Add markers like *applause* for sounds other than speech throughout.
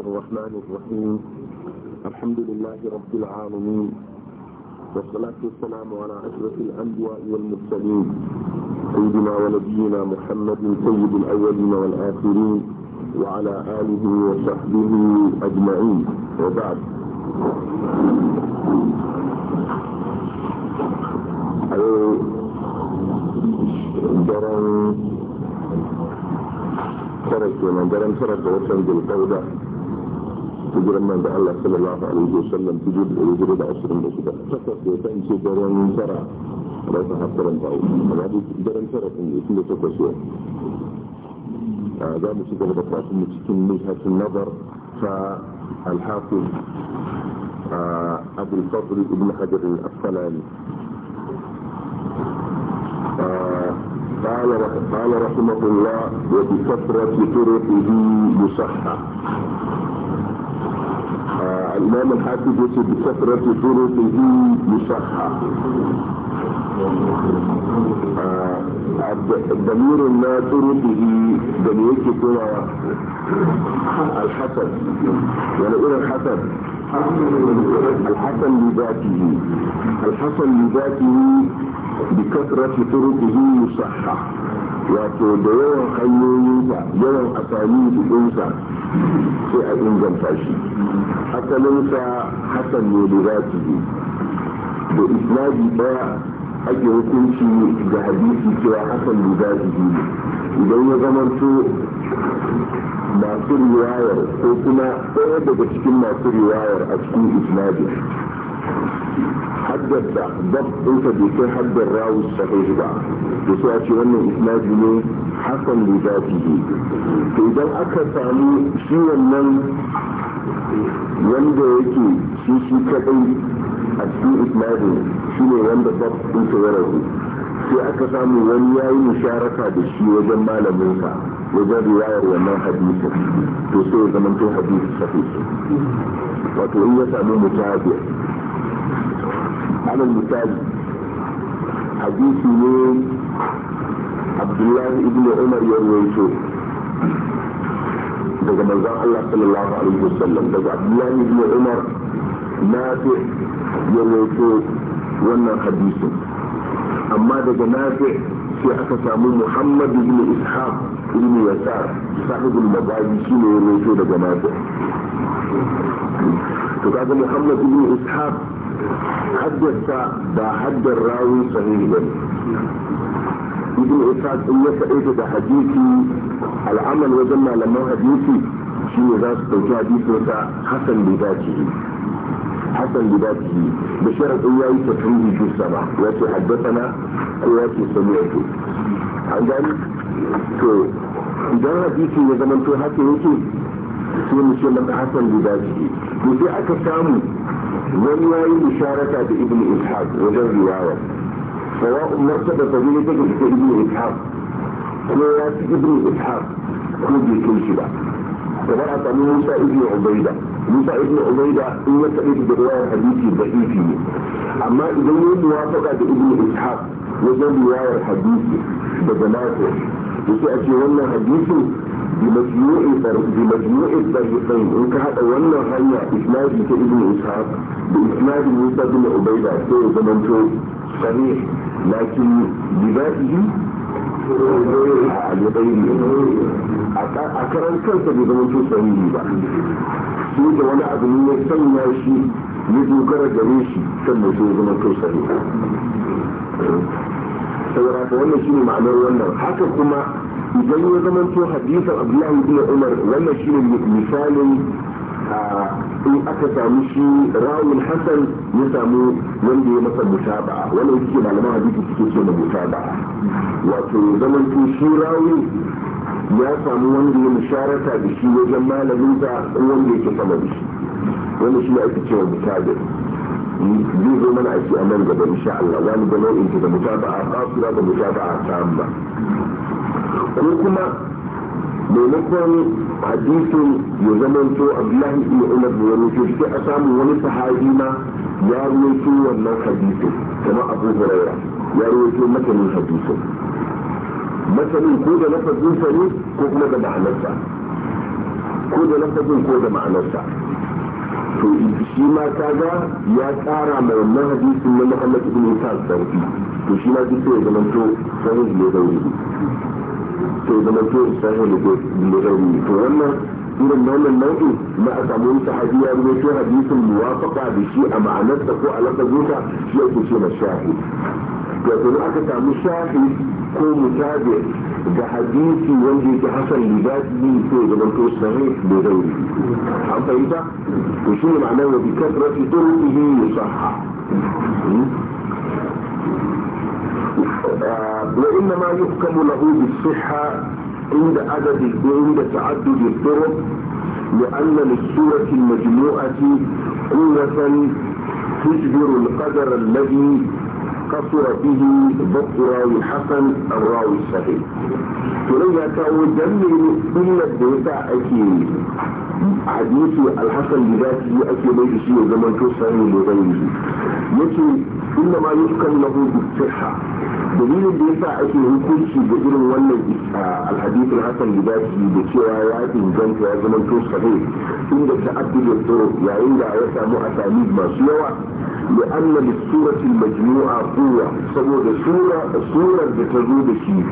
الرحمن الرحيم الحمد لله رب العالمين والصلاة والسلام على أشرف الأنبياء والمرسلين سيدنا ونبينا محمد سيد الأولين والآخرين وعلى آله وصحبه أجمعين وبعد درن ترك من درن ترك وسند القوده تجد أن الله صلى الله عليه وسلم تجد وجود عشر من أسباب فقط وتنسي دران من سرع لا تحصل الضوء هذا دران سرع اسمه تقسوة هذا مسيطة لبطاس من وجهة النظر فالحافظ أبو الفضل ابن حجر الأسقلاني قال قال رحمه الله وبكثرة طرقه يصحح الإمام الحاكم يوسف بكثرة طرقه يصحح آه، ضمير لا طرقه ضمير كثيرة الحسن يعني إلى الحسن الحسن لذاته الحسن لذاته بكثرة طرقه يصحح wato da yawan hanyoyinsa yawan asali jikinsa sai a inganta shi asalinsa hasan ne da za su da isnadi daya ake hukunci ga hadisi cewa hasan ne za su idan ya zamanto masu riwayar ko kuma ɗaya daga cikin masu riwayar a cikin isnadi haddasa dab ɗinsa bai kai haddar rawu sahih ba da su a ce wannan isnadi ne hasan da su yi to idan aka sami shi wannan wanda yake shi shi kaɗai a cikin isnadi shi ne wanda dab ɗinsa ya rabu sai aka samu wani ya yi musharaka da shi wajen malaminsa wajen riwayar wannan hadisi to sai ya zama to hadisi sahih wato in ya samu mutabiya على المثال حديث يوم عبد الله بن عمر يرويته بقى من الله صلى الله عليه وسلم بقى عبد الله بن عمر نافع يرويته وانا حديثه اما بقى نافع في اكتا محمد بن اسحاق بن يسار صاحب المباجسين يرويته بقى نافع فقال محمد بن اسحاق حدث حد الراوي صغيرا ابن اسعد العمل وجمع لما حديثي شيء راس توكا حديث حسن لذاته حسن لذاته بشرط ان يعيش في السماء ياتي حدثنا وياتي سمعته عن ذلك idan hadisi ya zama to haka yake sai mu ce maka hasan da wani ya yi da ibnu ishaq wajen riwaya sawa martaba ta ne take da ibnu ishaq ko ya ci ibnu ishaq ko bai kai shi ba kamar a sami musa ibn ubaida musa ibnu ubaida in ya taɓa da riwayar hadisi da ifi ne amma idan ya muwafaka da ibnu ishaq wajen riwayar hadisi da galatu yake a ce wannan hadisin بمجموع الضيفين انت هذا ولا هيا اسناد ابن اسحاق باسناد موسى بن عبيده سير زمنته صريح لكن بذاته a karan kansa bai zama to sahihi ba su da wani abu ne ya sanya shi ya dogara gare shi sannan sai ya zama to sahihi saboda haka wannan shine ma'anar wannan haka kuma idan ya zama to hadisin abdullahi ibn umar wannan shine misalin in aka samu shi rawul hasan ya samu wanda ya masa musaba wannan yake malaman hadisi suke ce da musaba wato zaman to shi rawi ya samu wanda ya musharata da shi wajen malamin da wanda yake sama da shi wannan shi ake cewa musabir zai zo mana a nan gaba insha Allah wani da nau'in da a kafira da a tamba sannan kuma maimakon hadisin ya zama to abdullahi ibn umar da wani to sai a samu wani sahabi ma ya rawaito wannan hadisin kamar abu huraira ya rawaito matanin hadisin matanin ko da lafazinsa ne ko kuma da ma'anarsa ko da lafazin ko da ma'anarsa to shi ma kaga ya tsara ma wannan hadisin na muhammad ibn isa sarfi to shi ma duk sai ya zama to sanin ya zaune sai zama to sahih da gari to wannan irin wannan nau'i na a samu wani sahabi ya rubuto hadisin muwafaqa da shi a ma'anarsa ko a lafazinsa shi ake ce na shahi to to aka samu shahi ko mutabi da hadisi wanda yake hasan libadi sai zama to sahih da gari an fahimta to shi ne ma'anar wa bi kasrati turqihi yusahha وإنما يحكم له بالصحة عند عدد عند تعدد الطرق لأن للسورة المجموعة قوة تجبر القدر الذي قصر به ضبط راوي الحسن الراوي الصحيح. ولذا كان دليل إلا الدوسة أكيد a hadisi alhassan da zaki yi ake mai shi ya zama to sani da zai yi yace inda ma yukan lahu dalilin da yasa ake hukunci da irin wannan alhadisi alhassan da zaki da cewa ya inganta ya zama to sahih inda abu da tsoro yayin da ya samu asali masu yawa majmu'a kuwa saboda قوة da ta zo da shi.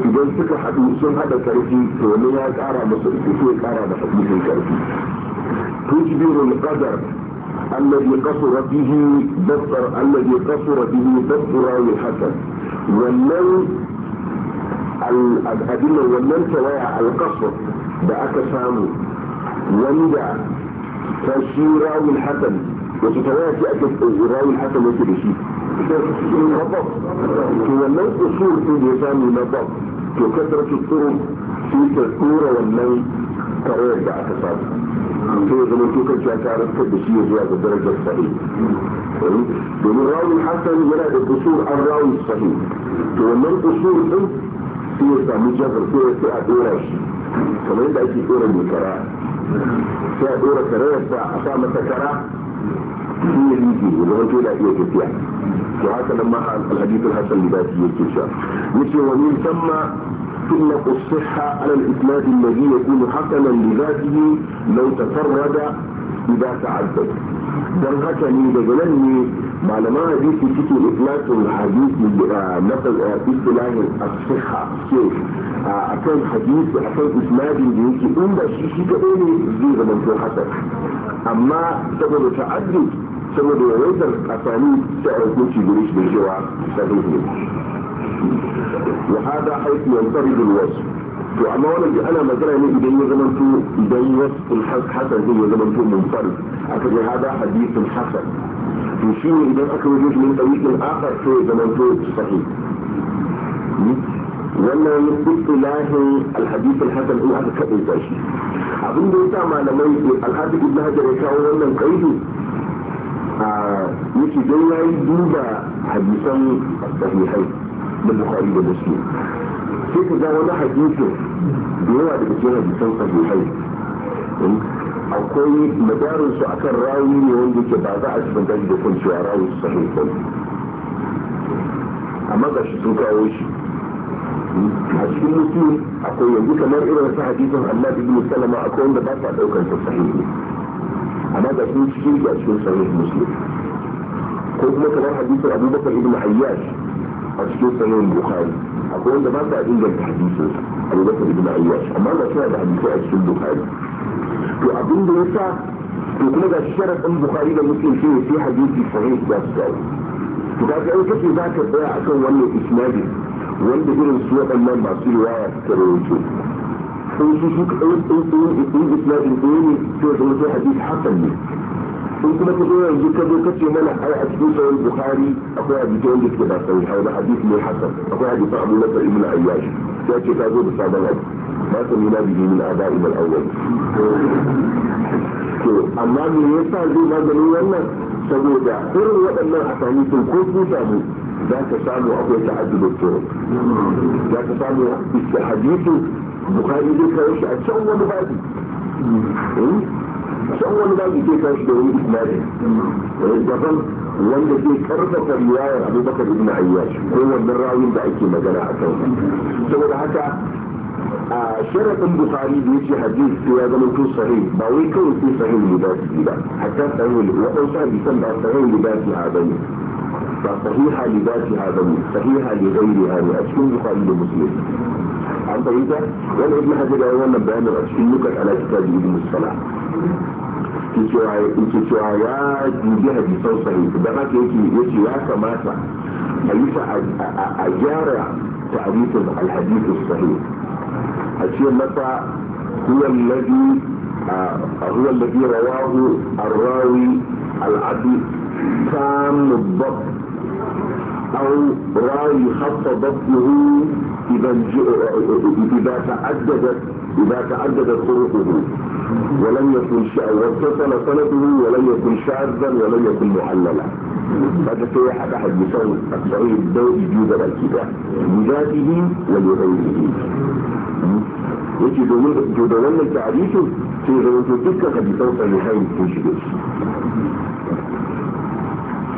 idan suka haɗu sun haɗa karfi to ne ya ƙara da ƙarfi ko ya ƙara da ƙarfi ƙarfi tujbirul qadar alladhi qasara bihi basar alladhi qasara bihi basra wa hasan wallan al adilla wallan tawaya al qasr da aka samu wanda tashira wal hasan wata tawaya ce ake tashira wal hasan wata da shi na bab to wannan usul din da ya samu na bab to kasar tuturu shi ke tsura wannan karayar da aka samu to ya zama tukar ya karar da shi ya zuwa ga darajar sahi domin rawun hasan yana da usul an rawun sahi to wannan usul din sai ya samu jazar sai sai a dora shi kamar yadda ake dora mai kara sai a dora karayar sa a sa masa kara هي اللي الحديث الحسن لذاته يكتشف مثل ومن ثم سنة الصحة على الإسناد الذي يكون حسنا لذاته لو تفرد إذا تعدد دلغة من دجلني معلما هديث كتو إثلاث الحديث نقل إصلاح الصحة كيف أكون حديث أكون إسناد الحديث إن شيء كتو إيه من في الحسن أما سبب تعدد saboda yawaitar asali ta aiki gare shi da cewa sahihi ne wa hada aiki yantarid alwasf to amma wannan da ana magana ne idan ya zama to idan wasful hasan zai ya zama to munfarid aka ga hada hadithul hasan to shi ne idan aka wajen shi min tariqin akhar to ya zama to sahih wannan istilahin alhadith alhasan in aka kaɗaita shi abin da ya sa malamai alhadith ibn hajar ya kawo wannan kaidi yake don ya yi duba hadisan sahihai da bukari da muslim sai ka ga wani hadisin da yawa daga cikin hadisan sahihai akwai madarin su akan rawi ne wanda ke ba za a cikin gani da kun cewa rawi su sahih ba amma ga shi sun kawo shi a cikin muslim akwai yanzu kamar irin su hadisin Allah ibn Salama akwai wanda ba sa daukar sa sahih amma ga sun cikin a cikin sahih muslim ko kuma kamar hadisin abubakar ibn ayyash a cikin sahih bukhari akwai wanda ba sa inganta hadisin abubakar ibn ayyash amma ga suna da hadisi a cikin bukhari to abin da ya sa to kuma ga ɗan bukhari da muslim shi ne sai hadisi sahih za su dawo to kaga in kace za ka tsaya akan wannan isnadin wanda irin su waɗannan masu riwaya suka rawaito sun su su ɗauki ɗauki ne sai da yanzu ka zo ka ce mana ai a cikin sahih bukhari akwai hadisi wanda suke da sahih hawa amma me yasa zai maganin wannan saboda irin waɗannan asani sun ko su samu za ka samu akwai ta'addudin turuq za ka samu hadisi bukari zai kawo shi a can wani babi hmm? can wani babi zai kawo shi da wani isnadi eh, daban wanda zai karfafa riwayar abubakar ibn ayyash ko wannan rawin da ake magana a kan saboda haka a sharaɗin bukari da yake hadis sai ya zama to sahi ba wai kawai sai sahi ne ba su ba hatta sahih waɗansu hadisan ba sahih ne ba su a bane فصحيحة لذاتها بني صحيحة لغيرها لأسفل يقال للمسلم عن طريقة وانا ابن حجر ايوان نبهان الأسفل يقال على كتاب ابن الصلاة كتوايات نجيها جسو صحيح بقى كيكي يتي واسا ماسا حيث أجارة تعريف الحديث الصحيح الشيء متى هو الذي آه، هو الذي رواه الراوي العدل سام الضبط او راي خط بطنه اذا اذا تعددت اذا تعددت طرقه ولم يكن واتصل سنده ولم يكن شاذا ولم يكن معللا هذا في احد احد مثال الصعيد الدولي جوز الكتاب لذاته ولغيره yake domin da في tarihin تلك قد to لهذه hadisan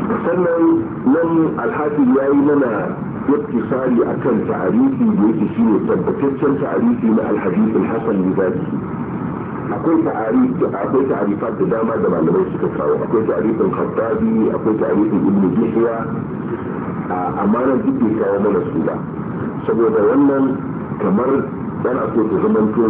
sannan nan alhaji ya yi mana yattisali a kan ta'arifi da yake shi ne tabbataccen ta'arifi na alhadisul hasan mizaki akwai ta'arif akwai ta'arifat da dama da malamai suka kawo akwai ta'arifin khattabi akwai ta'arifin ibnu jihya amma nan duk bai kawo mana su ba saboda wannan kamar dan a so ta zama to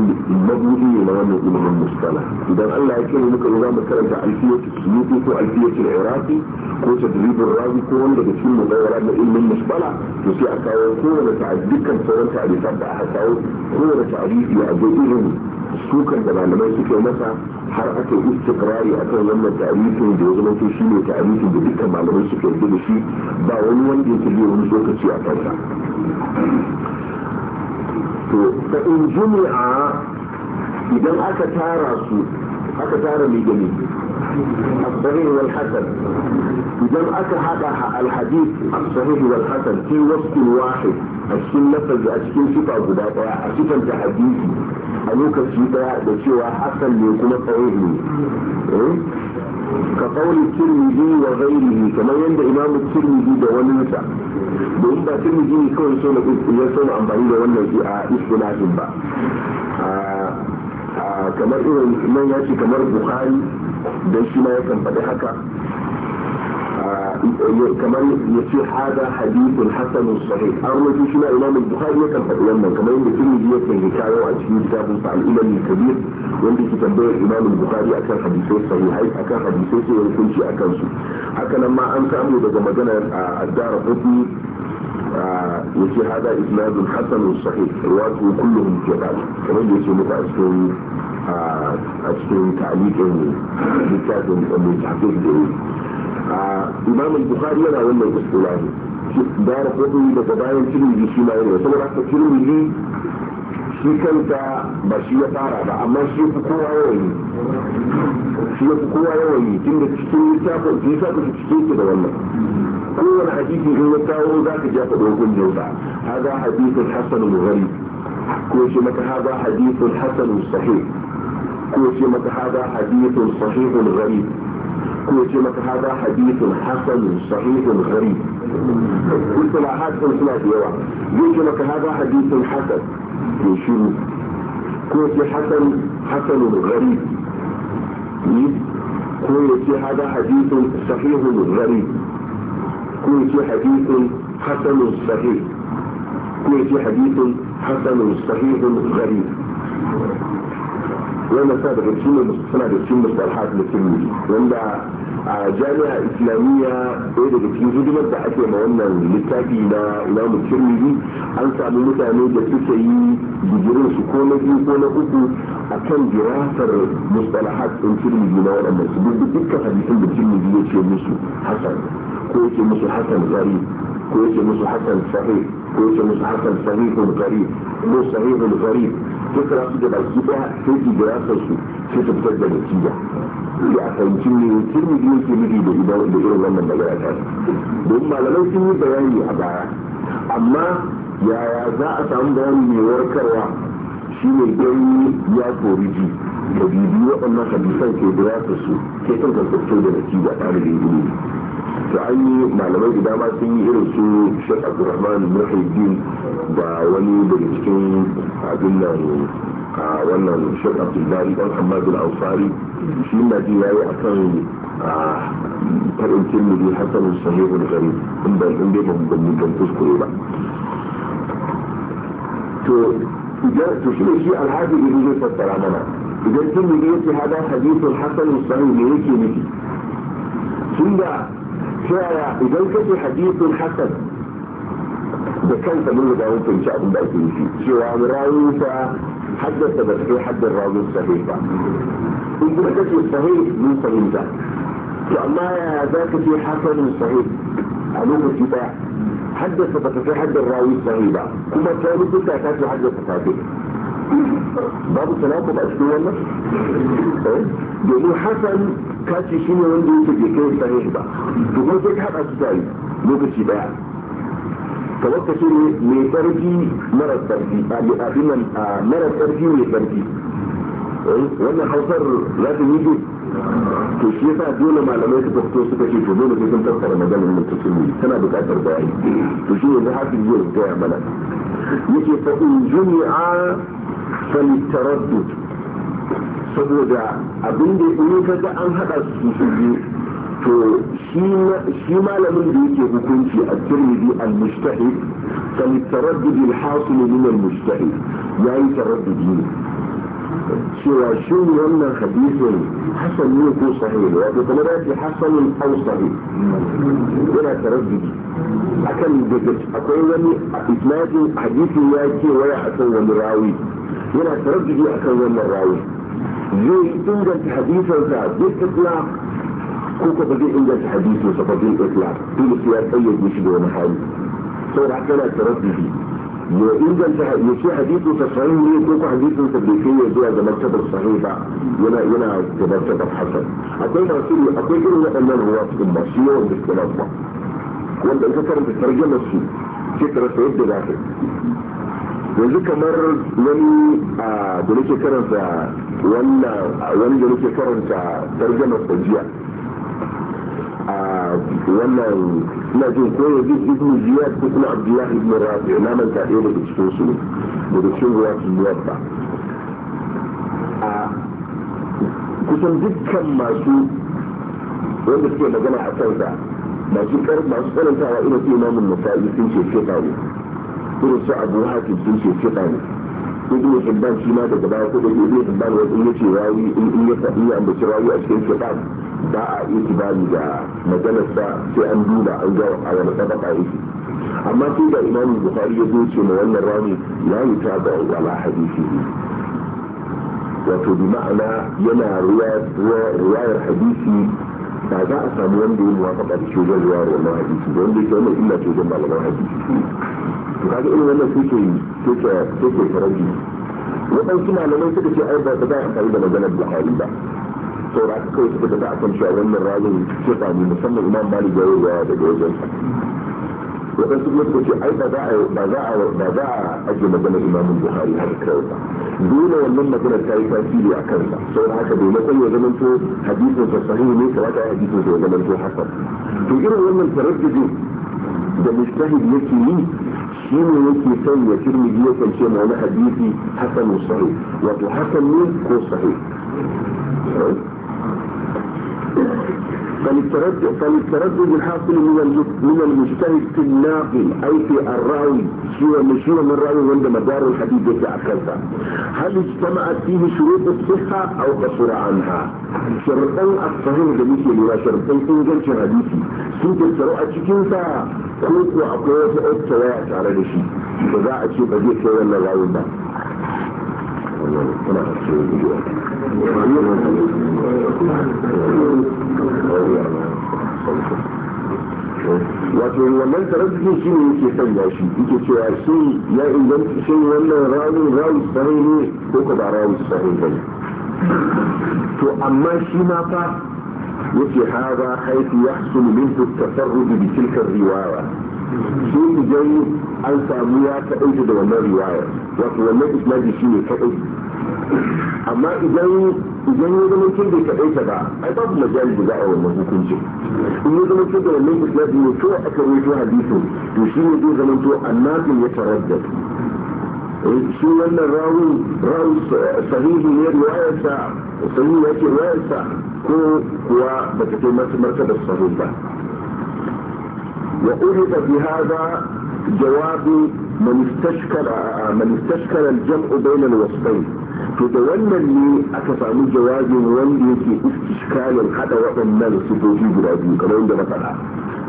mabudi ne na wannan ilimin mustala idan Allah ya kira muka za mu karanta alfiyatu suyuti ko alfiyatu iraqi ko ta tadribur razi ko wanda da cikin mudawara na ilimin mustala to sai a kawo kowane dukkan sauran ta'arifan da aka kawo kowane ta'arifi a zo irin sukan da malamai suke masa har aka yi a akan wannan tarihin da ya zama to shi ne tarihin da dukkan malamai suke da shi ba wani wanda yake biyo wani lokaci a kansa to da in idan aka tara su aka tara mai gani asbahin idan aka haɗa a alhadis asbahin walhassan ke wasu wahi a cikin lafazi a cikin sifa guda ɗaya a cikin ta a lokaci ɗaya da cewa hassan ne kuma tsawon ne tirmidhi wa ghairihi kamar yadda imam tirmidhi da wani sa domin ba tirmidhi kawai so amfani da wannan shi a istilahin ba kamar irin nan ya ce kamar bukhari da shi ma ya kan faɗi haka kamar ya ce hada hadithun hasanun sahih an rubuta shi na imam bukhari ya kan faɗi wannan kamar yadda tirmidhi ya kan hikayo a cikin kitabun sa al-ilm al-kabir wanda ke tambaya imam bukhari akan hadisai sahihai akan hadisai sai ya kunci akan su haka nan ma an samu daga magana maganar addara qutni yace hada isnadun hasanun sahih riwayatu kulluhum jabal kamar yadda yake muka a cikin a cikin ta'liqin littafin da mai tafiya imam al-bukhari yana wannan uskula ne da rafi daga bayan tirmidhi shi ma yana saboda haka tirmidhi shi kanta ba shi ya fara ba amma shi ya fi kowa yawan yi shi ya fi kowa yawan yi tun da cikin littafin shi sa kusa cikin ki da wannan kowane hadisi in ya kawo za ka jafa dogon hukuncin sa haza hadisin hasanul ghari ko shi maka haza hadisin hasanul sahih ko shi maka haza hadisin sahihul ghari كويتي مك هذا حديث حسن صحيح غريب قلت لا حد سنة ديوا يوجي مك هذا حديث حسن يشير كويتي حسن حسن غريب كويتي هذا حديث صحيح غريب كويتي حديث حسن صحيح كويتي حديث حسن صحيح غريب wannan suna daga cikin suna da cikin mustalhat na tirmidhi wanda a jami'a islamiyya ɗaya daga cikin hidimar da ake ma wannan littafi na imamu tirmidhi an samu mutane da suka yi digirin su ko na biyu ko na uku a kan jirasar mustalahat ɗin tirmidhi na waɗannan su duk dukkan hadisin da tirmidhi ya ce musu hasan ko ya ce musu hasan zari ko ya ce musu hasan sahih ko ya ce musu hasan sahihun qarib ko sahihun gharib fassara su da baki daya sai ki da sai su sai ta fitar da natija sai a fahimci ne biyu ke nufi da idan da irin wannan gara ta don malamai sun yi bayani a baya amma yaya za a samu bayani mai warkarwa shi ne gani ya kori ji da bibi waɗannan hadisan ke da yasar su sai kan kasance da natija tare da bibi su an yi malamai da dama sun yi irin su shek abdurrahman muhaiddin da wani daga cikin abin nan a wannan shek abdullahi dan hamadu al-ansari shi na ji yayi akan farin tilmidi hasan sahihul gari inda inda ba mu ban kuskure ba to idan to shi shi alhaji ibn zai fassara mana idan tilmidi yace hada hadithul hasan sahih ne yake nufi tunda جاء اليك بحديث حسن وكان تقول له داود ان شاء الله تيجي شو عم رايك حدث بس في حد الراوي الصحيح يقول لك الصحيح مو صحيح يا وأما يا ذاك في حسن صحيح علوم الكتاب حدث بس في حد الراوي الصحيح وما كان يقول لك حدث صحيح babu tanakub a cikin wannan domin hasan ka ce shi ne wanda yake bai kai sahih ba to kuma sai ka haɗa su tare lokaci daya kamar ka ce mai tsarki mara tsarki a abinan mara tsarki mai tsarki wannan hausar za ta yi to shi yasa dole malamai suka fito suka ce to dole sai sun tattara maganar nan ta sunni tana buƙatar bayani to shi yanzu hafi yau gaya mana yake fa in jumi'a فللتردد saboda abin da in ka ga an haɗa su su biyu to shi malamin da yake hukunci a tirmidhi al-mustahid falitaraddud al-hasil min al-mustahid yayi taraddudi ne cewa shi wannan hadisin hasan ne ko sahih wato kuma da shi hasan aw sahih yana taraddudi akan daga akwai wani isnadin hadisi ya ce waya akan wani rawi yana taraddudi akan wannan rawi zai inganta hadisansa duk itlaq ko ko ba zai inganta hadisinsa ba zai itlaq dole sai ya tsayyade shi da wani hali saboda haka yana taraddudi ya inganta ya ce hadisin sa ko ko hadisin sa bai kai zuwa ga martabar sahih ba yana yana da martabar akwai masu akwai irin waɗannan ruwa cikin ba shi yawan da suke ba wanda ita karanta tarjamar su sai ka rasa yadda za ka yanzu kamar wani a wani da nake karanta tarjamar sa jiya wannan ina koyo ko ya ji ibn ziyad ko kuma abdullah ibn rafi na manta ɗaya daga cikin su ne daga cikin ruwa su zuwa ba a kusan dukkan masu wanda suke magana a kansa masu kar masu karantawa irin su imamun nasa'i sun ce ne irin su abu hakim sun ce ne ko kuma hibban shi ma daga baya ko da ibn hibban wani in ya ce rawi in ya ambaci rawi a cikin fiƙa ba a itibari da majalis sa sai an duba an ga a wani sabab a yake amma sai da imam bukari ya zoce na wannan rami ya yi ta yutaba wala hadisi wato bi ma'ana yana ruwayar hadisi ba za a samu wanda ya muwafaka da shugaban ruwayar wannan hadisi ba wanda ke wani illa ce ga malaman hadisi to kaga irin wannan suke suke suke karabi waɗansu malamai suka ce ai ba za a amfani da maganar bukari ba saura aka kawai suka tafi akan cewa wannan rayun kifa ne musamman imam mali ya yi daga wajen waɗansu kuma suka ce ai ba za a ba za a ba za a ake maganar imamun buhari har kawai ba dole wannan magana ta yi tasiri a kansa saboda haka maimakon ya zama to hadisin sa sahihi ne kamata ya hadisin sa ya zama to hasan to irin wannan taraddudin da mustahid yake yi shi ne yake son ya tirmidhi ya kance ma wani hadisi hasan sahih wato hasan ne ko sahih eh? فللتردد, فللتردد الحاصل من من المجتهد في الناقل أي في الراوي سوى من من راوي عند مدار الحديث يتعكسها هل اجتمعت فيه شروط الصحة أو قصر عنها شرطين الصحيح جميل لنا شرطان إنجل شهديثي سنت السروعة تكينتا كنت وأقوات أبتواء تعالى لشي فذا اشوف أجيك سيوان راوي wato wannan tarafi shi ne yake kan gashi yake cewa shi ya inganta shi wannan rawun rawun sahi ne ko ka ba rawun sahi ba to amma shi ma fa yake haɗa haifi ya su mintu tasarrufi bi riwaya shi idan an samu ya kaɗai da wannan riwaya wato wannan isnadi shi ne kaɗai amma idan idan ya zama kin da kaɗai ta ba ai babu majali da za a wannan hukuncin in ya zama kin da wannan isnadi ne to aka rito hadisin to shi ne zai zama to annabin ya taraddad eh, shi wannan rawun rawun sahihi ne riwayarsa sahihi ya ce riwayarsa ko kuwa ba ta kai masu martabar sahih ba وأرد بهذا جواب من استشكل من استشكل الجمع بين الوصفين فتولى لي من جواب من في استشكال حتى وقت ما نستجيب برادي كما عند مثلا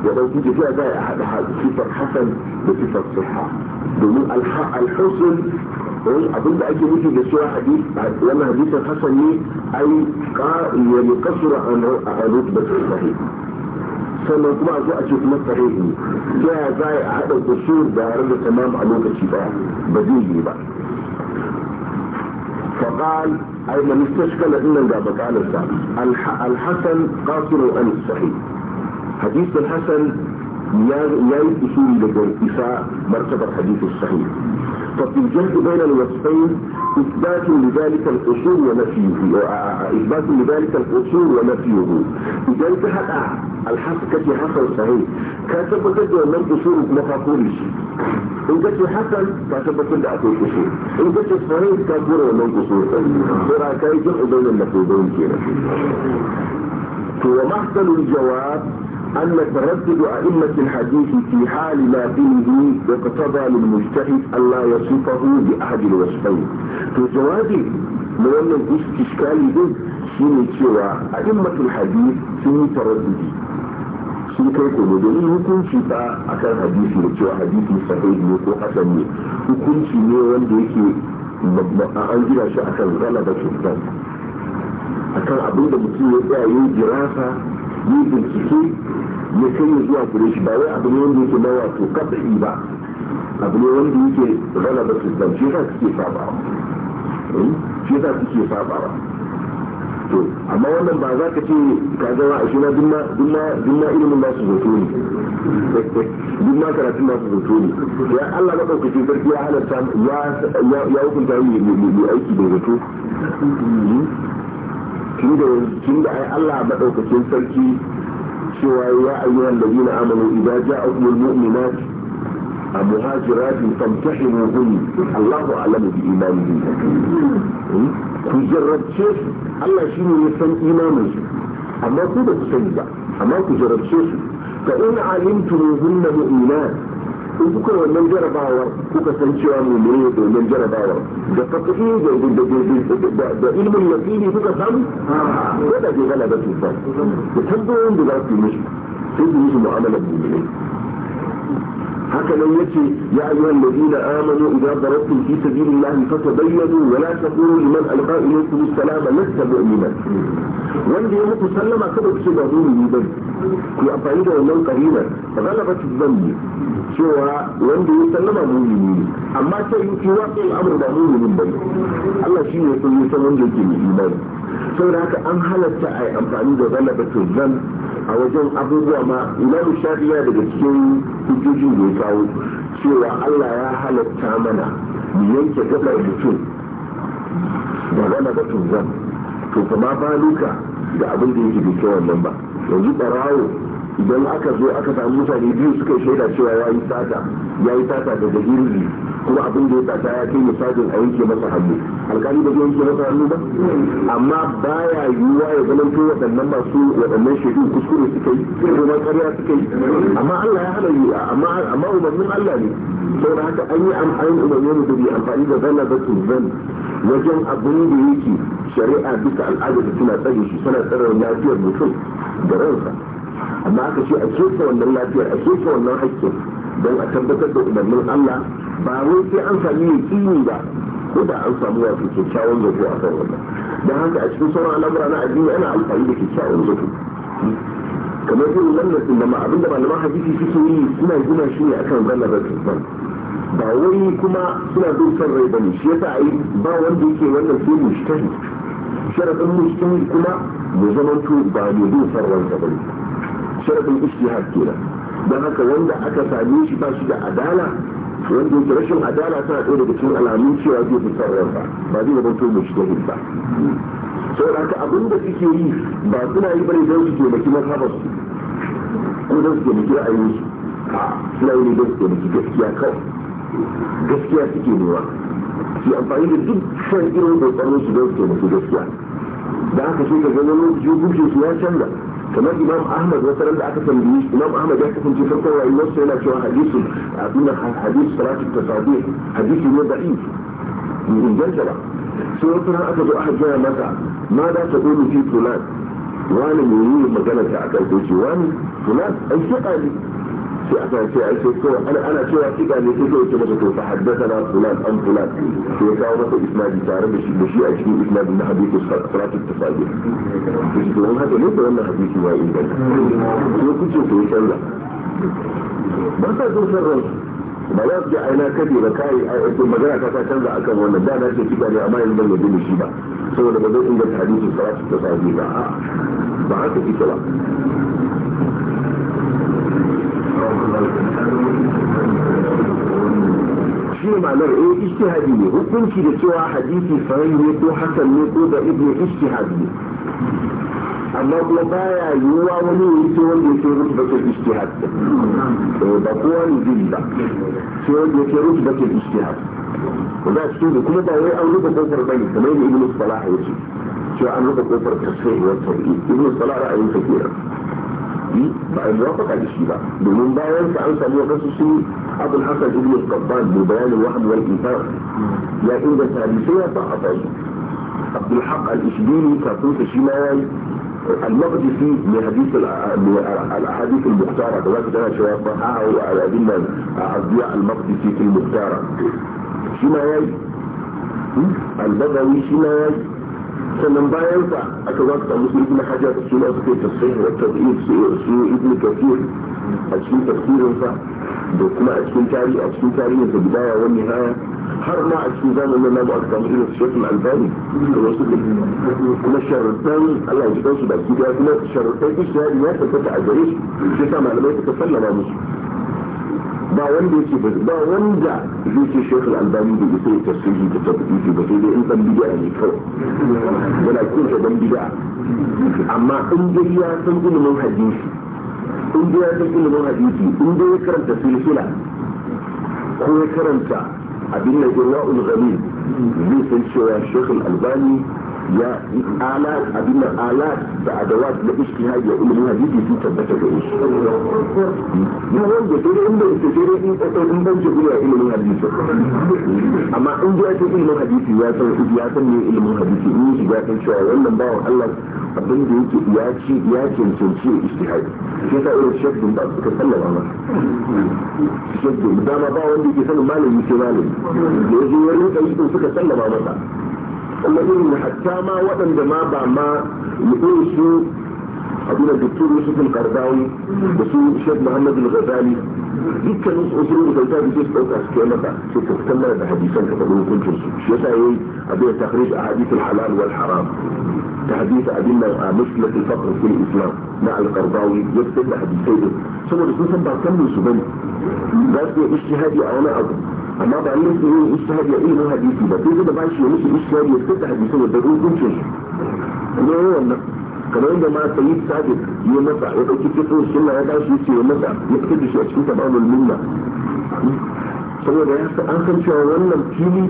وقد تجي فيها ذا أحد أحد صفة حسن وصفة صحة دون الحسن أي أقول بأجي نجي بسوى حديث وما حديث الحسن أي يعني قصر يقصر عن رتبة الصحيح sannan kuma a zo a ce kuma sahihi ta ya za a haɗa usul da har da tamam a lokaci ba ba zai yi ba فقال أي من استشكل إلا قال قال الحسن قاصر عن الصحيح حديث الحسن يا يا يسوي لك إساء مرتبة حديث الصحيح ففي الجلد بين الوصفين إثبات لذلك القصور ونفيه إثبات لذلك القصور ونفيه اذا حتى الحق كي حصل صحيح كاتب تجد أن القصور مفاقورش إن كتي حصل كاتب تجد أكو قصور إن كتي صحيح كاتب أن القصور ترى كي جمع بين النفيدين كينا ومحصل الجواب أن تردد أئمة الحديث في حال ما فيه يقتضى للمجتهد ألا يصفه بأحد الوصفين في جوابي لأن الاستشكال ذي شيني تشوى أئمة الحديث شيني ترددي شيني كيكو مدني يكون شفاء أكان حديثي لتشوى حديثي صحيح يكون حسني يكون شيني وانديكي أنجل أشياء أكان غلبة شفتان أكان عبيدة بكي يبقى يجي yi bincike ya sanya zuwa kure shi ba wai abu ne wanda yake bawa to wato yi ba abu ne wanda yake rana da su dan shi yasa suke sabawa hmm? shi yasa suke ba to amma wannan ba za ka ce ka zama a shina duk ma ilimin nasu zato ne *laughs* duk karatu karatun nasu zato ne ya Allah maɗaukaki sarki ya halatta ya hukunta yi aiki da zato tun da ai Allah maɗaukacin sarki cewa ya ayyuhan da zina amanu idan ja'akum al-mu'minat المهاجرات فامتحنوهن الله اعلم بايمانهن ku jarrabce su Allah shi ne ya san imanin amma ku ba ku sani ba amma ku in kuka wannan jarabawar kuka san cewa mu ne domin jarabawar da fakihi da da da ilmin yaqini kuka san, ko da ke gala da da tambayoyin da za su yi mishi sai su yi mu'amalar mu'minin haka yake yace ya ayyuhal ladina amanu idza darabtum fi sabilillahi fatabayyanu wa la taqulu liman alqa ilaykum assalama lasta mu'mina wanda ya muku sallama kada ku ce ba mu mu'mini bane ku amfani da wannan karina ghalabatu dhanbi cewa wanda ya sallama mu mu'mini ne amma sai yi waqi al-amr ba mu'minin bane Allah shi ne sun yi san wanda yake mai imani saboda haka an halatta a amfani da ghalabatu dhanbi a wajen abubuwa ma imamu shafi ya daga cikin hujjoji da kawo cewa allah ya halatta mana mu yanke gabar mutum da gana batun tunzan to kama luka da abin da yake bai wannan ba yanzu barawo idan aka zo aka samu mutane biyu suka shaida cewa ya yi tata ya yi da kuma abin da ya tsaka ya kai misalin a yanke masa hannu alkali ba zai yanke masa hannu ba amma baya yiwuwa ya zama to waɗannan masu waɗannan shaidu kuskure suka yi kuma ƙarya suka yi amma Allah ya hana yi amma amma umarnin Allah ne saboda haka an yi amfani umarni ne da bi amfani da zanna da tunzan wajen abin da yake shari'a duka al'adar da suna tsare shi suna tsare lafiyar mutum da ransa amma aka ce a soke wannan lafiyar a soke wannan haƙƙin don a tabbatar da umarnin Allah ba wai sai an sami yakini ba ko da an samu wato kyakkyawan zato a kan wannan don haka a cikin sauran al'amura na addini ana amfani da kyakkyawan zato kamar irin wannan din da abin da malaman hadisi suke yi suna gina shi ne akan zanna da tsan ba wai kuma suna bin son rai bane shi yasa ai ba wanda yake wannan sai mu shi Sharafin mujtahid kuma mu zamanto ba ne bin son ne. bane sharadin ijtihad kenan don haka wanda aka same shi ba shi da adala wanda yake rashin adala tana ɗaya daga cikin alamun cewa zai fi sauran ba ba zai zama to mujtahid ba Sau da haka abin da suke yi ba suna yi bane don su na mazhabar su ko don su maki ra'ayin su suna yi ne don su maki gaskiya kawai gaskiya suke nema su amfani da duk shan irin ƙoƙarin su don su maki gaskiya da haka sai ka ga wani lokaci su ya canza كمان امام احمد مثلا ده احسن من ايه امام احمد احسن في فرقه والنص هنا في حديث عندنا حديث صلاه التصابيح حديث يوم ضعيف من الجلجله سورة أخذ أحد جاء مدع ماذا تقول في فلان؟ وانا يريد مجالة أكل بيجي فلان أي ثقة لي sai aka ce ai sai ko ana cewa kiga ne sai yake masa to tahaddathana fulan an fulan sai ya kawo masa isnadi tare da shi da shi a cikin isnadi na hadithu salatu tasawuf shi to haka ne da wannan hadisi ya inganta sai kuce to ya canza ba sa jin sarran ba za su ji aina kaje ba kai magana ta ta canza akan wannan da na ce kiga ne amma yanzu ban ba saboda ba zai inganta hadithu shi ne ma'anar eh ishtihadi ne hukunci da cewa hadisi sarai ne ko hasan ne ko da ishtihadi ne amma kuma baya yiwuwa wani ya ce wanda ya ce eh, ba kowa ne ba ce wanda ya ce a cikin kuma ba wai an rufe kofar kamar yadda salah ya ce cewa an rufe kofar tasiri wata salah ra'ayin sa kenan bi ba a muwafaka da shi ba domin bayan sa an sami wasu su abul hasan ibn al-qattan bi bayanin wahd wal kitab ya inganta hadisai ya ba a bai abdul haq al-ishbili kafin sa shi ma yayi المقدسي من حديث الاحاديث المختاره دلوقتي ده شويه صححه وادله اضياء المقدسي في المختاره شيما ياي البدوي شيما ياي sannan bayan sa aka za su samu su ibn hajar su na suke tafsir wa tafsir su ibn kafir a cikin tafsirin sa da kuma a cikin tarihi a cikin tarihin sa bidaya wani haya har ma a cikin zamanin nan aka samu irin shekul albani da wasu da kuma sharuɗan Allah ya ji su baki daya kuma sharuɗan ishtihadi ya tabbata a gare shi shi sa malamai suka sallama musu ba wanda yake ba wanda zai ce shekul albani da ita ya tasiri da tabbiti ba sai dai in dan bid'a ne kawai yana kinsa dan bid'a amma in dai ya san ilimin hadisi in dai ya san ilimin hadisi in dai ya karanta silsila ko ya karanta abin da wa'ul ghalib zai san cewa shekul albani ya ala abin da ala da adawat da ishtihad ya ilmi hadisi su tabbata da shi ne wanda sai in da ita sai in ko in ban ji ya ilimin hadisi amma in ji ake ilmi hadisi ya san ya san ne ilimin hadisi in shi ya san cewa wannan bawan Allah abin da yake ya ci ya cancanci ishtihad sai ta irin shek din ba suka sallama ma shek din dama ba wanda yake sanin malami sai malami da yazo ya rinka yi suka sallama masa الذين حتى ما ودن ما با ما يقولوا أبونا الدكتور يوسف القرضاوي وسو الشيخ محمد الغزالي ديك نص أصول وزيتها بجيس أوك أسكيمة شوف اكتمل بحديثا كتبوه كل جزء شيسا ايه أبوه تخريج أحاديث الحلال والحرام تحديث أدلة مثلة الفقر في الإسلام مع القرضاوي يكتب حديثين ثم الإسلام بعد كم من سبني بس اجتهادي أو أنا أبو amma ba ne su yi ishtihad a ilimin hadisi ba sai da bashi ya musu ishtihad ya fita hadisin da daru hukuncin shi ne wannan kamar yadda ma sayyid sadiq ya masa ya dauki fito sunna ya ba shi ce ya masa ya fito da shi a cikin tabanul minna saboda ya an san cewa wannan fili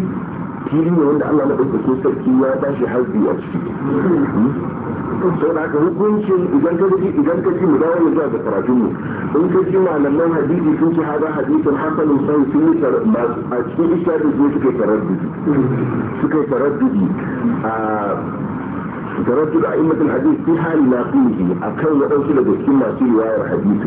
fili ne wanda Allah madaukakin sarki ya ba shi hazi a ciki saboda haka hukuncin idan ka ji idan ka ji mu dawo mu zuwa ga karatun mu in ka ji malaman hadisi sun ce hada hadisin hasalin sai sun yi a cikin ishtihadin su suke taraddudi suke taraddudi a تردد أئمة الحديث في حال ما a kan waɗansu بسكين ما masu رواية الحديث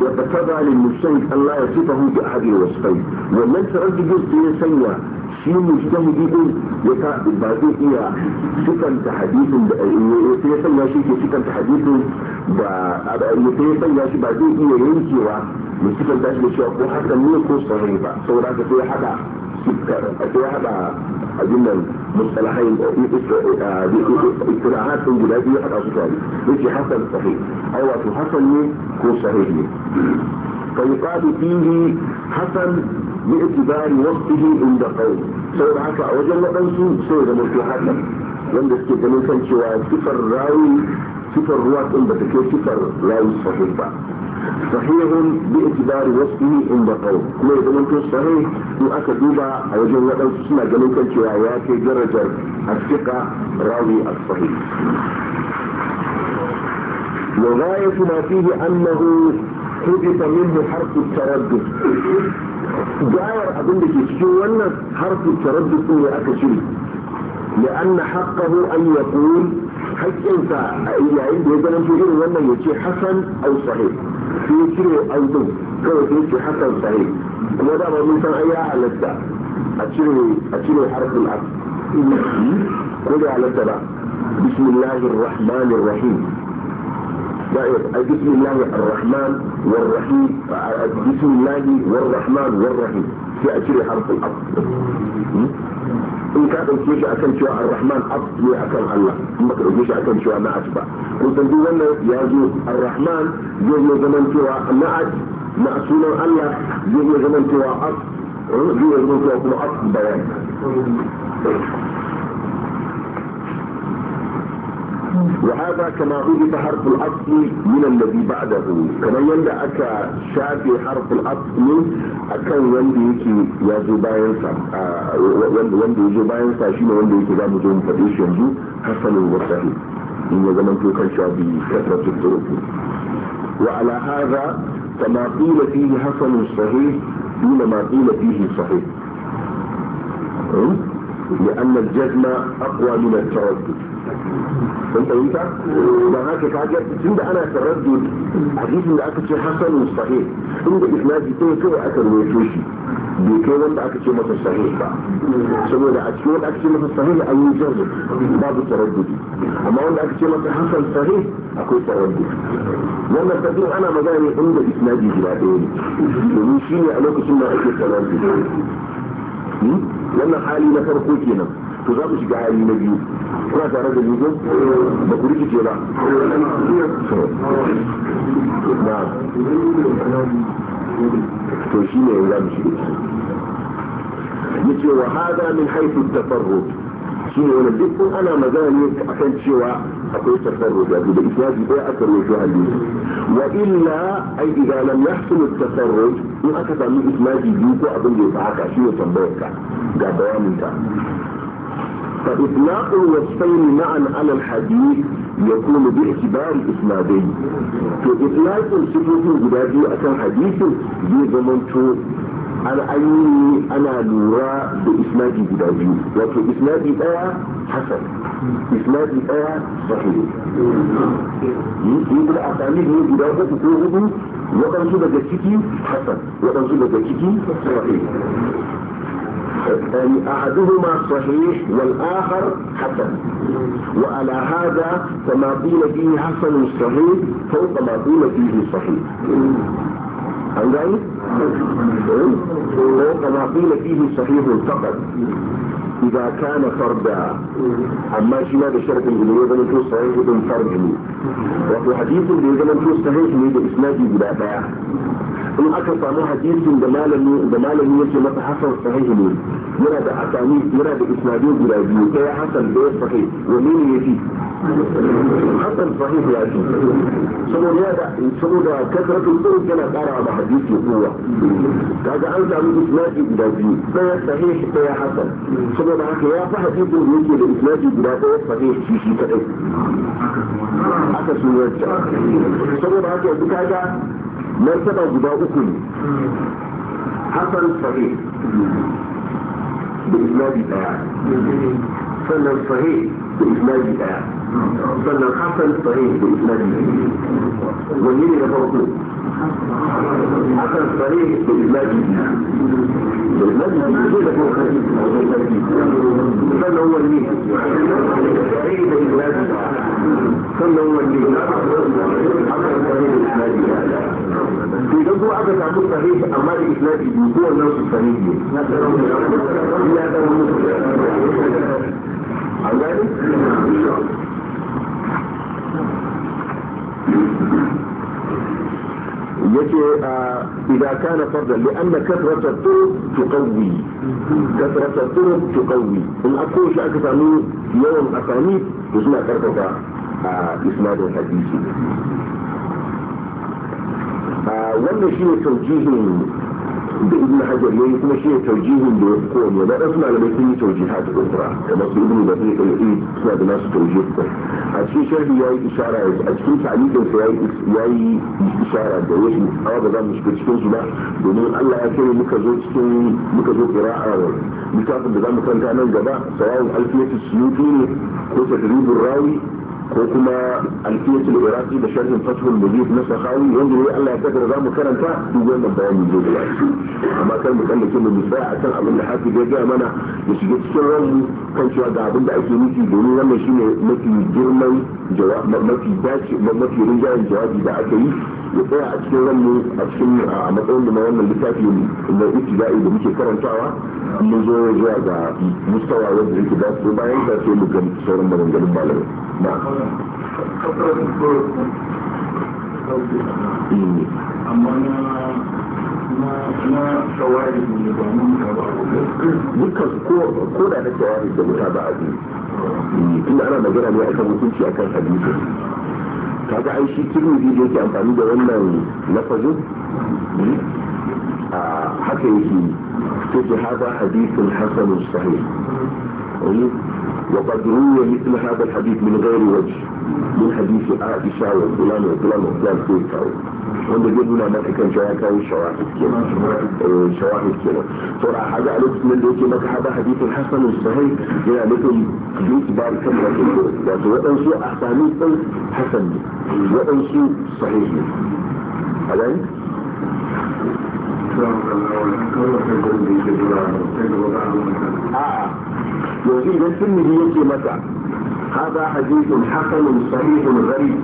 وتتبع للمجتهد ان لا يصفه باحد الوصفين ومن ترجج في سنيا في مجتهد يقول يتا بعدين يا سكن تحديث في سنيا شيء سكن تحديث ب في سنيا شيء بعدين يا ينكي تحديث شو حتى مو صغيره سوراك في حدا sai haɗa abin nan mustalahain eh, eh, eh, istirahat sun guda biyu haɗa su tare yake hasan sahih ai wato hasan ne ko sahih ne فيقال فيه حسن باعتبار inda عند sai سو haka a wajen wadansu sai da mutu hasan wanda suke ganin kan cewa sifar rayu sifar ruwa ɗin ba ta kai sifar rayu sahih ba صحيح باعتبار وصفه عند قوم، كما اذا انت صحيح ان اكا دوبا اجل وقت سنة جنوكا كرايات درجة الثقة راوي الصحيح وغاية ما فيه انه حدث منه حرف التردد جاير اقول لك شو ولا حرف التردد هو اكا شري لأن حقه أن يقول حتى أنت يعني بيقول أنت إيه ولا يجي حسن أو صحيح في كده أو دم كده يجي حسن صحيح وده ما مثلا أي على الدا أشيله أشيله حرف العكس كده على الدا بسم الله الرحمن الرحيم بسم الله الرحمن والرحيم بسم الله والرحمن والرحيم sai a cire harfin ab hmm? in ka ɗauke shi akan cewa ar-rahman ab ne akan Allah in baka ɗauke shi akan cewa na'at ba kun san duk wannan ya zo ar-rahman zai iya zaman cewa na'at na sunan Allah zai iya zaman cewa ab zai iya zaman cewa kuma ab bayan وهذا كما عرف حرف الأصل من الذي بعده كما يندى أكا شافي حرف الأصل أكا وندي يكي يازو باينسا وندي يجو باينسا شين وندي يكي دام جون فديش ينزو حسن وصحيح إن يزمن توكا شابي كثرة الطرق وعلى هذا كما قيل فيه حسن صحيح دون ما قيل فيه صحيح لأن الجزم أقوى من التردد أنت ما هاك كعجة تند أنا تردد حديث من شيء حسن وصحيح عند إسنادي كوي كوي أكل ويتوشي بكي وانت أكتش مصر صحيح بقى سوى اكل شيء اكل شيء مصر صحيح أي جزم بعض التردد أما وانت شيء مصر حسن صحيح اكل تردد لما تدين أنا مداني عند إسنادي جلابين ومشيني ألوك سنة اكل تردد wannan hali na farko kenan to za mu shiga hali na biyu kuna tare da jikin ba ku rikice ba to shi ne za mu shiga yace wa hada min haythu at-tafarrud shi ne wannan duk ana magana ne akan cewa أقول تفرج بالإسناد إذا أتروج هذه وإلا أي إذا لم يحصل التفرج إن من إسناد يجيك وأظن يتعاكى شيء تنبيك ده بيانك فإطلاق الوصفين معا على الحديث يكون باعتبار إسنادي فإطلاق الصفوف الجدادي أكثر حديث زي an ayyuni ana lura da isnadi guda biyu wato isnadi daya hasan isnadi daya sahihi yi da asali ne guda uku ko hudu waɗansu daga ciki hasan waɗansu daga ciki sahihi يعني أحدهما صحيح والآخر حسن وعلى هذا فما قيل فيه حسن صحيح فوق ما قيل فيه صحيح عن ذلك قيل فيه صحيح فقط إذا كان فردا أما شيء هذا الشرط اللي يزمن فيه صحيح من فرده وفي حديث اللي يزمن فيه صحيح من اسناد بلا باع إن أكثر ما حديث دمال دمال يجي ما تحصل صحيح من يرى بأسانيد يرى اسناد بلا بيو كي حصل بيه صحيح ومين يجي حصل صحيح يا أخي سنو هذا سنو ده كثرة الطرق كان قارع بحديث قوة كذا أنت عم إسنادي بلا بيو صحيح صحيح حصل saboda haka ya fi hadisi da yake da isnadi guda ɗaya fare shi shi kaɗai aka su yanci saboda haka yanzu kaga martaba guda uku ne hasan fare da isnadi ɗaya sannan fare بإسناد الآن سنة الحسن صحيح بإسناد ومين اللي فرقه حسن صحيح بإسناد بإسناد بإسناد سنة هو المين صحيح بإسناد سنة هو المين حسن صحيح بإسناد في جزء واحد تعمل صحيح أما الإسناد هو نفس الصحيح لا ترى ان شاء الله يجي آه، إذا كان فردا لأن كثرة الطرق تقوي كثرة الطرق تقوي إن أكون شاك تعمل يوم أسانيد وسمع كرتك آه، إسناد الحديث آه، ولا شيء توجيه da ibn hajar ne kuma shi ne taujihin da ya fi kowane ba ɗansu malamai sun yi taujiha a cikin fura kamar su ibn da zai ɗauki suna da nasu taujih a cikin sharhi ya yi ishara a cikin ta'alikinsa ya yi ishara da wasu awa da za mu shiga cikin su ba domin allah ya kai muka zo cikin muka zo kira'ar littafin da za mu kanta nan gaba sawa'un alfiyatu suyuti ne ko tadribin rawi ko kuma alfiyatul iraqi da sharhin fathul mujib na sahawi wanda ne Allah ya kadar za mu karanta duk wannan bayani zai da shi amma kai mu kallace mu bi sai akan abin da hafi ya gaya mana ya shiga cikin ranmu kan cewa ga abin da ake nufi domin wannan shine mafi girman mafi dace mafi rinjayen jawabi da aka yi ya tsaya a cikin ranmu a cikin a matsayin da na wannan littafi na ibtida'i da muke karantawa mun zo zuwa ga mustawa wanda yake da su bayan ka sai mu ga sauran maganganun malamai amma na shawari ba ko ko da na shawari da muta ba a biyu ana magana ne akan hukunci akan hadisi kaga ai shi tirmidhi da yake amfani da wannan lafazin haka yake yake hada hadisin hasanun sahih وقد روي مثل هذا الحديث من غير وجه من حديث عائشة وفلان وفلان وفلان في الكون وانا جدنا ما كان جاكا وشواهد كنا شواهد كنا إيه، فرا حاجة على بسم الله كما كحبا حديث الحسن الصحيح يعني لكم جيت بار كم رسول الله وانسو احسانيكم حسن وانسو صحيح هلان؟ yanzu idan tirmidhi yake هذا حديث حسن صحيح غريب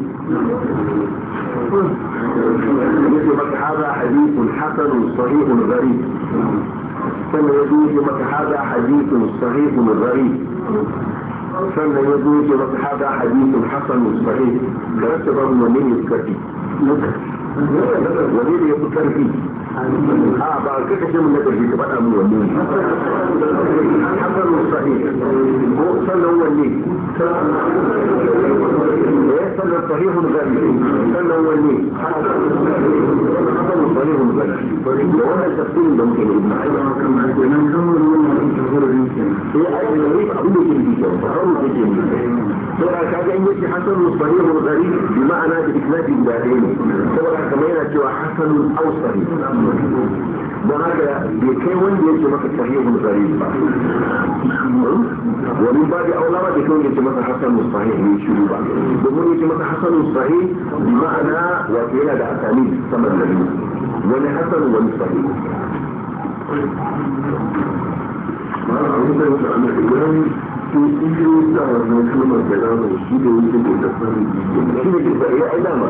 هذا حديث حسن صحيح غريب ثم يجوز لك هذا حديث صحيح غريب ثم يجوز لك هذا حديث حسن صحيح تظن من وليد وليه فيه a ba ka kashe mun na ƙarshe ka faɗa mun wanne hasan sahih ko sannan wanne eh sannan sahihun gari sannan wanne hasan sahihun gari da wannan tafsirin da muke yi na aiki kenan kamar wannan tafsirin kenan eh ai da wai abin da ke yi kenan ba kawai ke yi saboda ka ga in yake hasanun sahihun gari bi ma'ana da isnadin da ne saboda kamar yana cewa hasanun ausari don haka bai kai wanda yake masa sahihul gharib ba wani ba da aula ba da kai wanda yake masa hasanul ne shiru ba domin yake masa hasanul sahih bi ma'ana wato yana da asali sama da wani hasan wani sahih ما أعرف أن to injin sa wannan kalmar da zamu shi da yake da tafsiri shi ne ba ya alama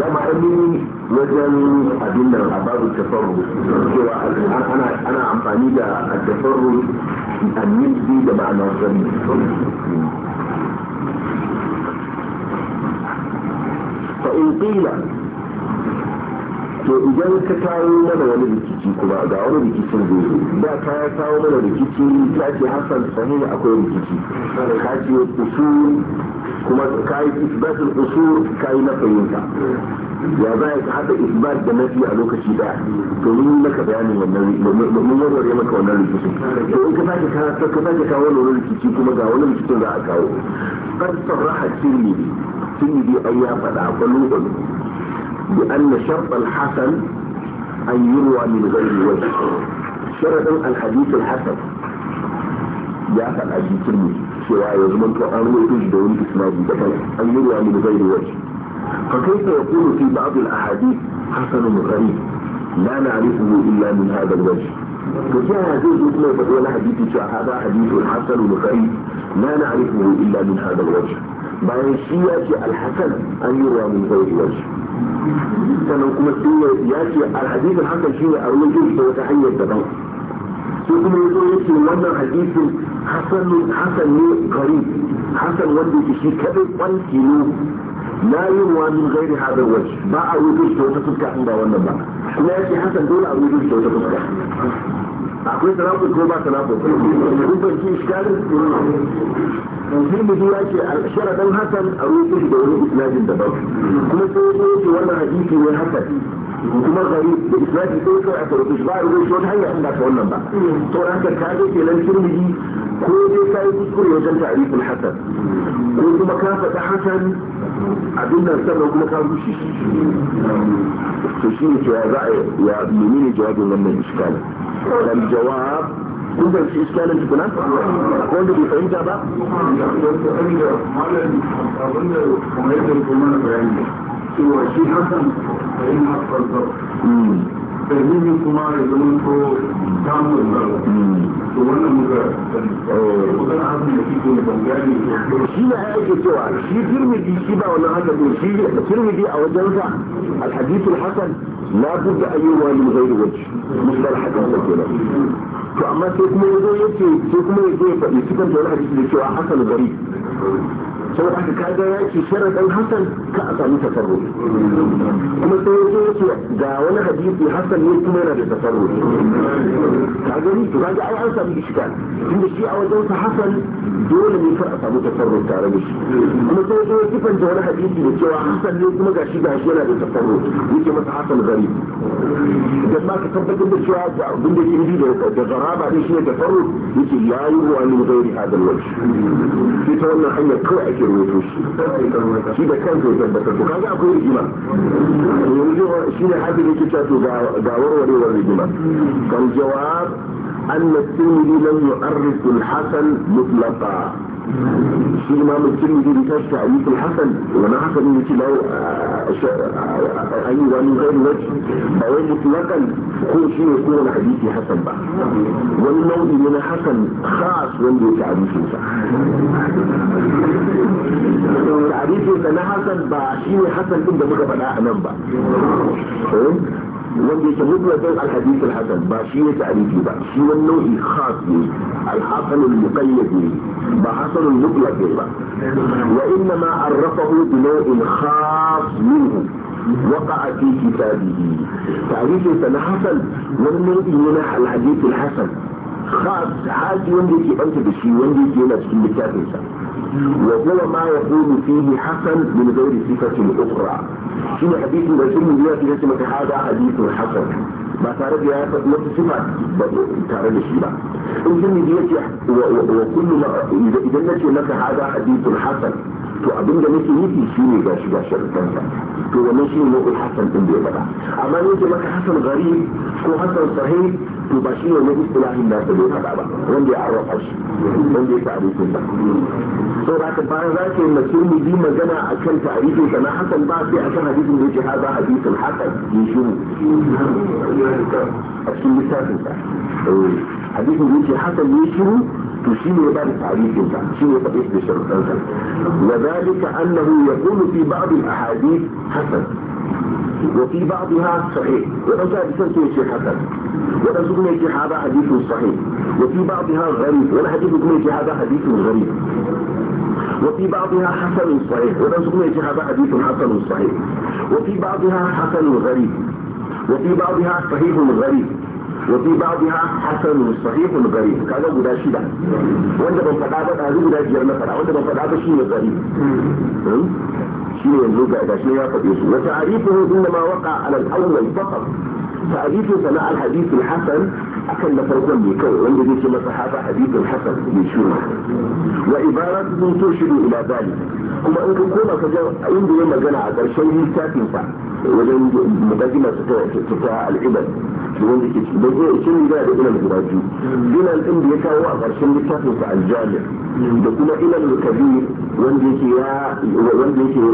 dama ainihin wajen abin da a babu tafarru cewa ana ana amfani da tafarru annisbi da ma'anar sani فإن قيل to idan ka kawo mana wani rikici kuma ga wani rikicin zai da ka kawo mana rikici ta ce hasan sahihi akwai rikici ka ce usul kuma ka yi isbatul usul ka yi nafayinka ya za ka haɗa isbat da nafi a lokaci daya to mun maka bayanin wannan mun warware maka wannan rikicin to in ka sake kawo ka sake kawo wani rikici kuma ga wani rikicin za a kawo kan sarraha tirmidhi tirmidhi ai ya faɗa balu balu بأن شرط الحسن أن يروى من غير وجه شرط الحديث الحسن جاءت الحديث المجيد سواء يزمن قرآن ويجد دون أن يروى من غير وجه فكيف يقول في بعض الأحاديث حسن غريب لا نعرفه إلا من هذا الوجه فجاء هذه الجملة فقال حديث شاء هذا حديث حسن غريب لا نعرفه إلا من هذا الوجه بعد الشيء الحسن أن يروى من غير وجه sannan kuma shi ya ce alhadisin hakan shi ne a ruwan ta wata hanyar daban sai kuma ya zo ya ce wannan hadisin hasan hasan ne gari hasan wanda ke shi kadai kwan kilo la yin wa min gairi hadar waje ba a rubuta ta wata fuska in ba wannan ba kuma ya ce hasan dole a rubuta ta wata fuska akwai talafus ko ba talafus ya ce hasan a rufe da wani daban kuma sai ya ce wannan hadisi ne hasan kuma gari da israfi sai sai a karfi ba a rubuta wata hanya in da ta wannan ba to ran ka kaje kenan turmiji ko dai ka yi kuskure wajen ta'rifin hasan ko kuma ka faɗi hasan abin da sannan kuma ka rushe to shi ne cewa za a ya menene jawabin wannan iskalin kan jawab kun zan ci iskalin tukuna ko wanda bai fahimta ba cewa shi hakan sayin haƙar zau dalilin kuma ya zama ko samun zau to wannan muka mukan hakan da kiko ne ban gane shi ne ake cewa shi tirmidhi shi ba wannan haka to shi tirmidhi a wajensa alhadithul hasan la budda an yi wani zai wajhi musdal hakan da kenan to amma sai kuma yazo yace sai kuma yazo ya faɗi cikin wani hadisi da cewa hasan gari saboda kaga ya ce shirin ɗan hassan ka a samu tasarrufi kuma sai ya ce ga wani hadisi hassan ne kuma yana da tasarrufi ka gani to kaga ai an samu iskal tunda shi a wajen sa hassan dole ne kar a samu tasarrufi tare da shi kuma sai ya sifanta wani hadisi da cewa hassan ne kuma ga shi ga shi yana da tasarrufi yake masa hassan gari idan ma ka tabbatar da cewa ga abin da ke da da garaba ne shi ne tasarrufi yake yayi ruwa ne gairi hadal wajh sai ta wannan hanyar kawai ake rubuto shi shi da kansa ya tabbatar to kaga akwai rigima to yanzu shi ne hadin yake cewa to ga warwarewar rigima kan jawab أن الترمذي لم يؤرخ الحسن مطلقا في الإمام الترمذي بكاش تعويض الحسن وأنا حسن إن في لو أي من غير وجه بوي مطلقا كل شيء يكون حديثي حسن بقى والنوع من حسن خاص وندي تعريفه تعريفه أنا حسن بقى شيء حسن كنت بقى بقى أمام بقى wanda yake mutlakan alhadisi alhasan ba shi ne ta'rifi ba shi wani nau'i khas ne alhasan almuqayyad ne ba hasan almutlaq ba wa inna ma arrafahu bi nau'in khas minhu وقع في كتابه تعريف سنة حسن والنوع من الحديث الحسن خاص حاجي وندي كي أنت بشي وندي كي نفسي لكاتنسا وهو ما يقول فيه حسن من غير صفة أخرى شنو حديث رسول الله في نسمة هذا حديث حسن ما تعرف يا أسد ما تسمع تعرف الشيبة إنسان يجيك وكل ما إذا نسي لك هذا حديث حسن تو أبن جميك يجي شيني غاش غاش الكنسة تو ونشي نوع الحسن تنبي بدا أما نجي لك حسن غريب كو حسن صحيح تو باشي ونجي استلاحي الناس اللي هذا بدا رندي أعرف عشي رندي تعريف الناس سو ذات بعد ذلك المسلم دي ما جمع أكل تعريفه كما حسن بعد في أكل حديث من وجه هذا حديث الحسن يشون أكل مثال حديث من وجه حسن يشون تشير إلى بعض التعريف إنت تشير إلى بعض وذلك أنه يقول في بعض الأحاديث حسن وفي بعضها صحيح ورجع بسنة الشيخ حسن ورزقنا هذا حديث صحيح وفي بعضها غريب ولا حديث هذا حديث غريب وفي بعضها حسن صحيح وده سمعت هذا حديث حسن صحيح وفي بعضها حسن غريب وفي بعضها صحيح غريب وفي بعضها حسن صحيح غريب كذا غدا شدا wanda ban faɗa ba ɗazu guda biyar na faɗa wanda ban faɗa ba shi ne gari shi yanzu ga shi ya faɗe su wa ta'arifuhu na waqa ala al فحديث سماع الحديث الحسن أكل مثلا يكون وانده دي الصحابة حديث الحسن يشوره وعبارته ترشد إلى ذلك كما إن كما فجأة عنده يوم جنع الشيء شيء ساكن wajen mataki masu ta al'ibar da wanda ke da zai shi ne da ilal guda biyu ilal din da ya kawo a ƙarshen littafin sa aljami da kuma ilal kabir wanda yake ya wanda yake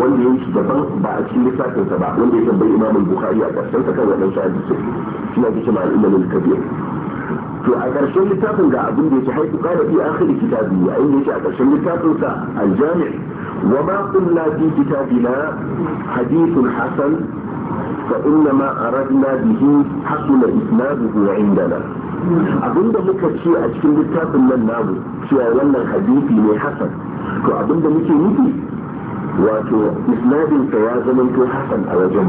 wanda yake daban ba a cikin littafin sa ba wanda ya tambayi imamul bukhari a ƙarshen sa kan wadansu hadisi shi ne ake cewa ilal kabir to a ƙarshen littafin ga abin da yake haifu ƙara iya akhiri kitabi a inda yake a ƙarshen littafin sa aljami wa ma qulna fi kitabina hadithun hasan fa inna ma aradna bihi hasuna isnaduhu indana abinda muka ce a cikin littafin nan namu cewa wannan hadisi ne hasan to abinda muke nufi wato isnadin sa ya zama to hasan a wajen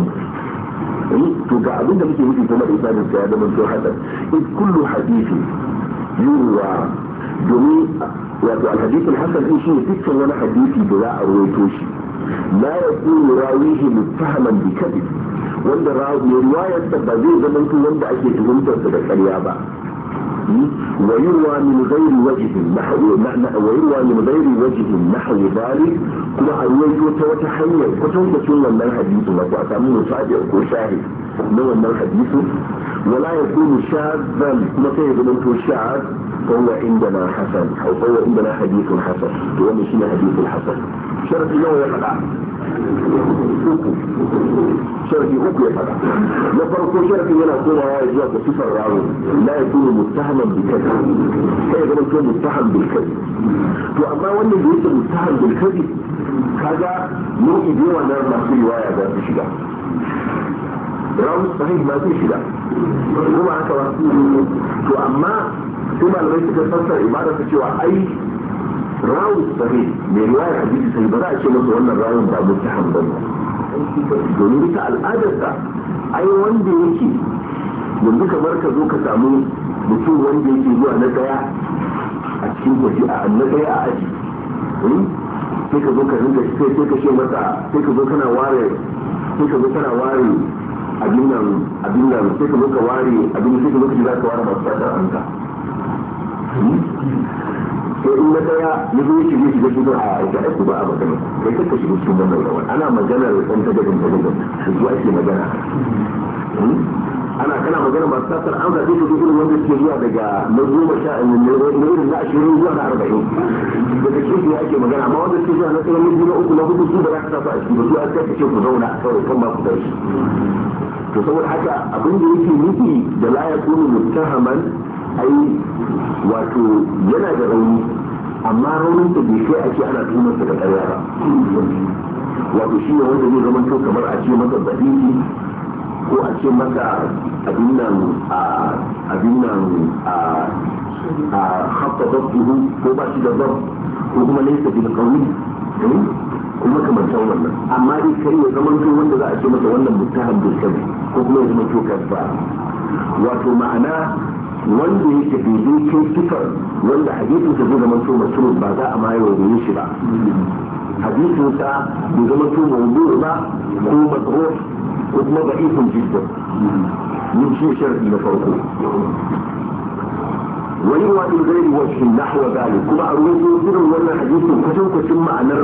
to ga abin da muke nufi kuma ibadan ta ya zama to hadar in kullu hadisi yurwa domin wato alhadith alhasan din shi dukkan wani hadisi da za a rawaito shi la yakunu rawihi muttahaman bi kadhib wanda rawi riwayar ba zai zama wanda ake tuhumtar da ƙarya ba ويروى من غير وجه نحو ويروى من غير وجه نحو ذلك كما أرويت وتحيي كتن كتن من الحديث لك وأتامين صادق وشاهد نوع من الحديث ولا يكون شاذا كما سيد من شاذ فهو عندنا حسن أو فهو عندنا حديث حسن مشينا حديث حسن sharafi nawa ya faɗa uku sharafi uku ya faɗa na farko sharafin yana komawa ya zuwa ga sifar rawo na ya kuma mutahanan bi kai sai ga mutum mustaham to amma wannan da yake mustaham bi kaga nau'i da yawa na masu riwaya za su shiga rawu sahih ma zai shiga kuma haka ba to amma sai malamai suka fassara ibada ta cewa ai rawi sahih mai ruwa ya hadisi sai ba za a ce masa wannan rawin ba mutahan ba ne domin ita al'adarsa ai wanda yake yanzu kamar ka zo ka samu mutum wanda yake zuwa na daya a cikin kwashi a na daya a aji eh? sai ka zo ka rinka sai sai ka ce masa sai ka zo kana ware sai ka zo kana ware abin nan abin nan sai ka zo ka ware abin sai ka zo ka ji za ka ware masu tsada ranka sai in na daya ya zo shige shige su ba a aika aiki ba a magana kai kaka shige cikin wannan rawar ana maganar ɗan tagadin tagadin su zuwa ake magana ana kana magana masu tasar an zaɓe su irin wanda suke zuwa daga na goma sha na irin na ashirin zuwa na arba'in daga cikin ake magana amma wanda suke zuwa na tsayin na biyu na uku na hudu su ba za ka tafi a ciki ba su an tafi ce ku zauna kawai kan ba ku tashi to saboda haka abin da yake nufi da la ya kunu muttahaman ai wato yana da rauni amma raunin da bai kai ake ana tunan sa da ƙarya ba wato shi ne wanda zai zama to kamar a ce maka badiki ko a ce maka abin nan a abin nan a a haɓɓa babbuhu ko ba shi da bab ko kuma laisa bil qawli eh, kuma kamar ta wannan amma dai kai ya zama to wanda za a ce masa wannan mutaham bil ko kuma ya zama to kasba wato ma'ana wanda yake daidai kai wanda hadisin sa zai zama to mutum ba za a ma yawan shi ba hadisin sa bai zama to mawdu ba ko madruf ko kuma ba jidda da'ifun jiddan من شيء شرعي لفرقه ويروى من غير nahwa نحو kuma a ruwan يقول wannan حديث كشوك ثم ma'anar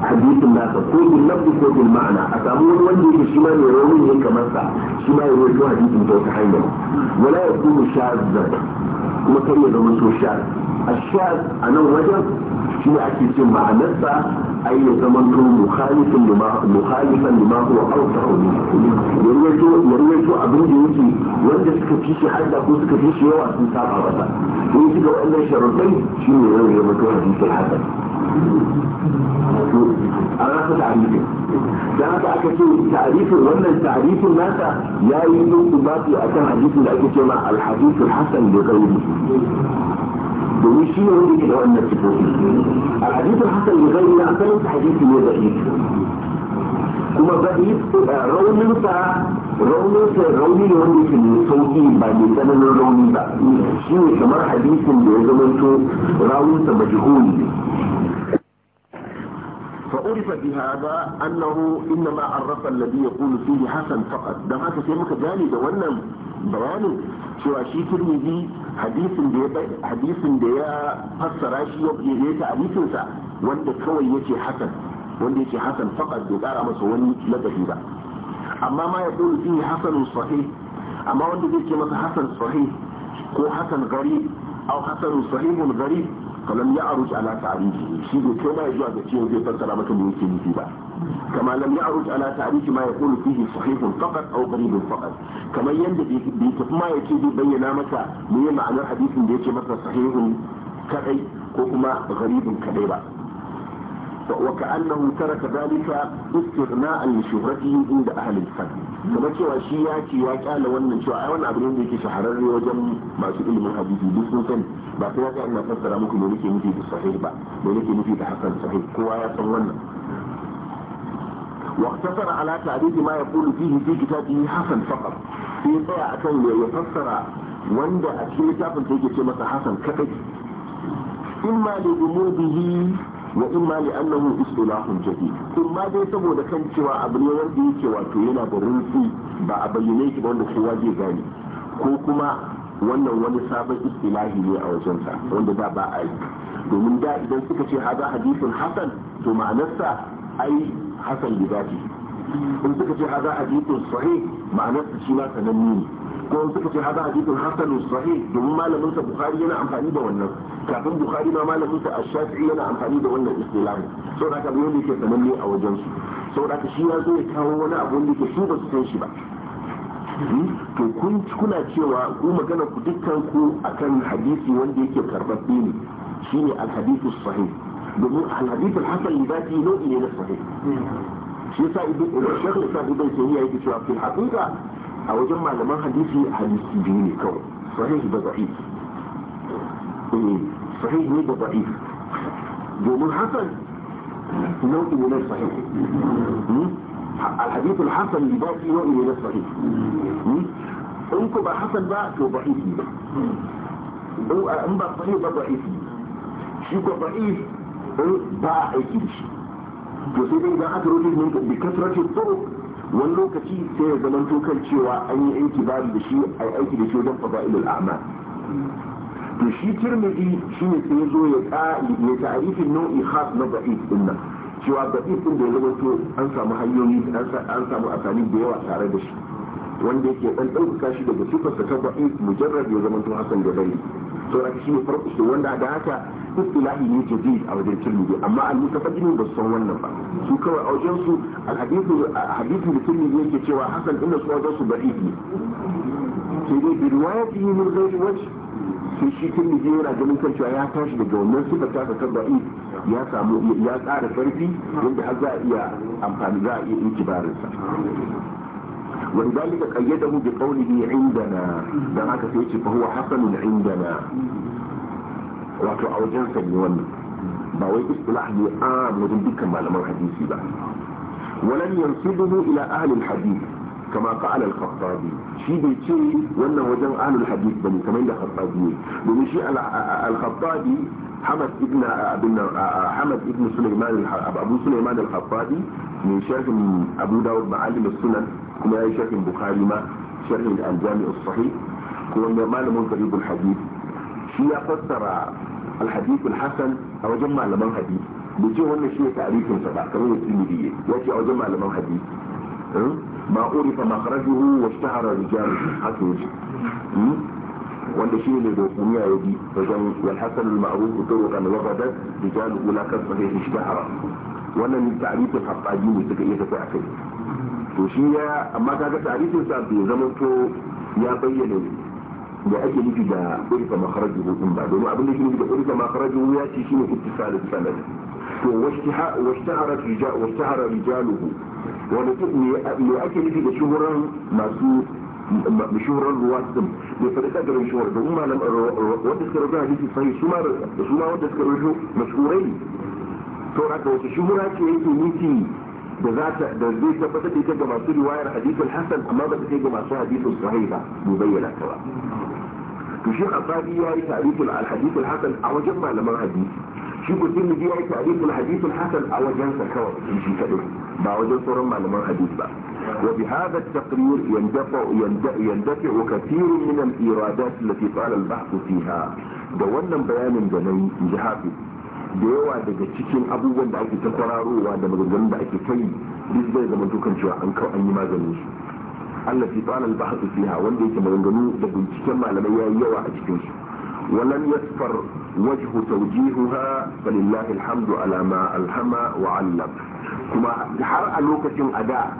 hadisin nasa ko bil lafzi ko bil ma'ana a samu wani wanda yake shi ma mai rauni ne kamar sa shi ma ya rawaito hadisin ta hanyar wala ya kuma shazzan kuma kar ya zama so shaz a shaz a nan wajen shi ne ake cin ma'anarsa ai ya zama to mukhalifin lima mukhalifan lima huwa awsahu yarwaito yarwaito abin da yake wanda suka fi shi hadda ko suka fi shi yawa sun saba masa in shi ga wannan sharuɗai shi ne yau ya mutu hadisin da haka aka ce ta'arifin wannan ta'arifin nasa ya yi yin a kan hadisin da ake ce ma alhadisul hasan da gairi بيقول في يوم يجي لو انك تفوتي الحديث الحسن الغيري عن ثلاث حديث اللي هو بقيت هو بقيت رومي بتاع رومي بتاع رومي اللي هم في الصوتي بعد زمن الرومي بقى في كمان حديث اللي هو زمنته راوي تمجهول فعرف بهذا أنه إنما عرف الذي يقول فيه حسن فقط ده هذا شيء متجاني ده وانا بياني شو أشي ترمذي حديث ده حديث ده فسر شيء يبقى تعريف سا وانت كوي يجي حسن وانت يجي حسن فقط ده قال أمس واني لبهي بقى أما ما يقول فيه حسن صحيح أما وانت يجي مثلا حسن صحيح كو حسن غريب أو حسن صحيح غريب falam ya aruj ala ta'rifi shi bai kai ma zuwa ga cewa zai fassara maka me yake nufi ba kama lam ya aruj ala ta'rifi ma ya fihi sahihun faqat aw qaribun faqat kamar yanda bai tafi ma yake zai bayyana maka me ma'anar hadisin da ce masa sahihun kadai ko kuma gharibun kaɗai ba وكأنه ترك ذلك استغناء لشهرته عند أهل الفن كما cewa shi ya ce ya wannan cewa ai wannan abin da yake shahararre wajen masu ilimin hadisi duk sun sani ba sai ya ga ina fassara muku me nake nufi da nake da kowa ya san wannan واقتصر على تعريف ما يقول فيه في كتابه حسن فقط في tsaya akan ya fassara wanda a cikin littafin da yake ce masa hasan kadai imma da wa imma li annahu istilahun jadi in dai saboda kan cewa abu ne wanda yake wato yana da rufi ba a bayyane shi wanda kowa zai gane ko kuma wannan wani sabon istilahi ne a wajensa wanda da ba a yi domin da idan suka ce haza hadisin hasan to ma'anarsa ai hasan bi zati in suka ce haza hadithun sahih ma'anar su shi ma sananne ne ko in suka ce haza hadithun hasanun sahih domin malamin sa bukhari yana amfani da wannan kafin bukhari ma malamin sa ash-shafi'i yana amfani da wannan istilahi saboda haka abin da yake sananne a wajen su saboda haka shi ya zo ya kawo wani abu wanda yake su ba su san shi ba hmm? to kun kuna cewa ku magana ku dukkan ku akan hadisi wanda yake karbabbe ne shine al-hadithu sahih domin al-hadithu hasan libati nau'i ne na sahih shi yasa shekul sa ibn taymiya yake cewa fil haqiqa a wajen malaman hadisi hadisi biyu ne kawai sahih da da'if sahih ne da da'if domin hasan nau'i ne na sahih الحديث الحسن لباقي نوع من الصحيح انكم حسن بقى تو ضعيف ان بقى صحيح بقى ضعيف شيكو ضعيف باع اكيد to sai dai idan aka rubuta min bi kasratin turuq wani lokaci sai ya zama to kan cewa an yi aiki ba da shi ai aiki da shi wajen fadailul a'mal to shi tirmidhi shine sai ya zo ya ya ta'rifin nau'i khas na da'if din nan cewa da'if din da ya zama to an samu hanyoyi an samu asali da yawa tare da shi wanda yake dan ɗaukaka shi daga sifarsa ta da'if mujarrad ya zama to hasan da bari sauran shi ne farko shi wanda da haka istilahi ne jadid a wajen tirmidhi amma al-mutaqaddimin ba su san wannan ba su kawai a wajen su al-hadithu hadithu da tirmidhi yake cewa hasan inda su wajen su da'if ne sai dai bi riwayatihi min ghairi wajh sai shi tirmidhi yana ganin kan cewa ya tashi daga wannan sifa ta ta da'if ya samu ya ƙara karfi wanda har za a iya amfani za a iya inkibarinsa ولذلك قيده بقوله عندنا ده haka sai ce fa huwa hasanun indana wato a wajen sani wannan ba wai istilah ne a wajen malaman hadisi ba ولن ينسبه الى اهل الحديث kama qala al-khattabi shi bai ce wannan wajen ahlul hadith bane kamar da khattabi domin shi al-khattabi Hamad ibn abin Hamad ibn Sulaiman Abu sunan kuma ya yi shafin Bukhari ma sharhin al-Jami' malamin qarib shi ya fassara al-hadith al-hasan a wajen malaman hadith bai ya ce ma ما عرف مخرجه واشتهر رجال حسن wanda shi ne da duniya ya bi wajen walhassan al-ma'ruf turuqan wa ghadat rijal ula kan sahih ishtahara wannan ta'rifin haqqaji ne suka iya tafi akai to shi ya amma kaga ta'rifin sa bai zama to ya bayyana da ake nufi da urfa makharajuhu din ba domin abin da shi ne da urfa makharajuhu ya ce shine ittisalus sanad to واشتهر رجاله ولو أكل في شهرا masu mashahurar ruwa din da farka da rashawar da umma nan wanda suka rabu hadisi sai su ma da su ma wanda suka rabu mashhurai to haka wata shuhura ce yake nufi da za ta da zai tabbatar da ita ga masu riwayar hadisul hasan amma ba ta kai ga masu hadisul sahih ba mu bayyana ta ba to shi asadi ya yi tarifin al hadisul hasan a wajen malaman hadisi shi mutum da ya yi tarifin hadisin hasan a sa kawai shi ba wajen sauran malaman hadis ba wa bi hada taqrir yandafi wa kathirun min al-iradat allati qala al-bahth fiha da wannan bayanin da nayi ji hafi da yawa daga cikin abubuwan da ake ta kwararowa da maganganun da ake kai duk zai zama dukan cewa an kawai an yi maganin su allati qala al-bahth fiha wanda yake maganganu da binciken malamai yayi yawa a cikin su ولم يسفر وجه توجيهها فلله الحمد على ما ألهم وعلم كما حرق لوكة أداء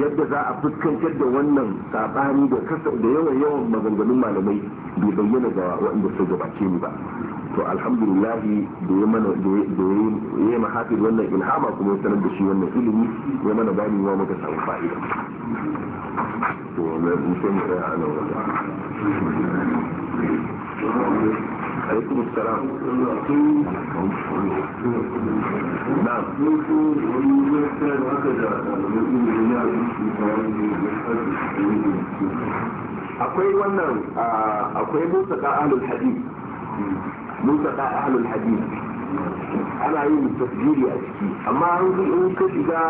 yadda za a fuskantar da wannan sabani da kasa da yawan yawan maganganun malamai bai bayyana ga waɗanda su gabace ni ba to alhamdulillah da ya mana da ya yi mahafir wannan ilhama kuma ya sanar da shi wannan ilimi ya mana bani wa maka samun fa'ida to na musamman ya ana wannan عليكم السلام نعم akwai wannan akwai musa ka ahlul hadith musa ka ahlul hadith ana yin tafjiri a ciki amma in ka shiga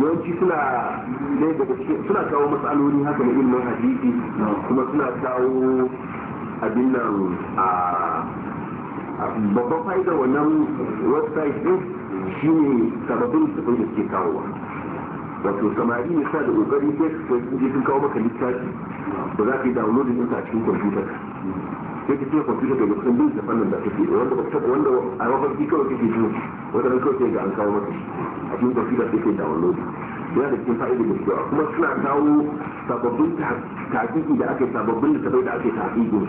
yawanci suna ne daga suna kawo matsaloli haka na ilimin hadisi kuma suna kawo abin a babban fa'idar wannan website din shi ne sababin sabbin da suke kawowa wato samari ne sa da kokari sai sun je sun kawo maka littafi da za ka yi downloading ɗinsa a cikin kwamfutar sai ki ce kwafi daga cikin bin da fannin da kake wanda ba taɓa wanda a mafarki kawai kake ji wanda na kawai sai ga an kawo mata a cikin kwafi da kake download yana da cikin fa'ida da cewa kuma suna kawo sababbin tahqiqi da ake sababbin da ta bai da ake tahqiqin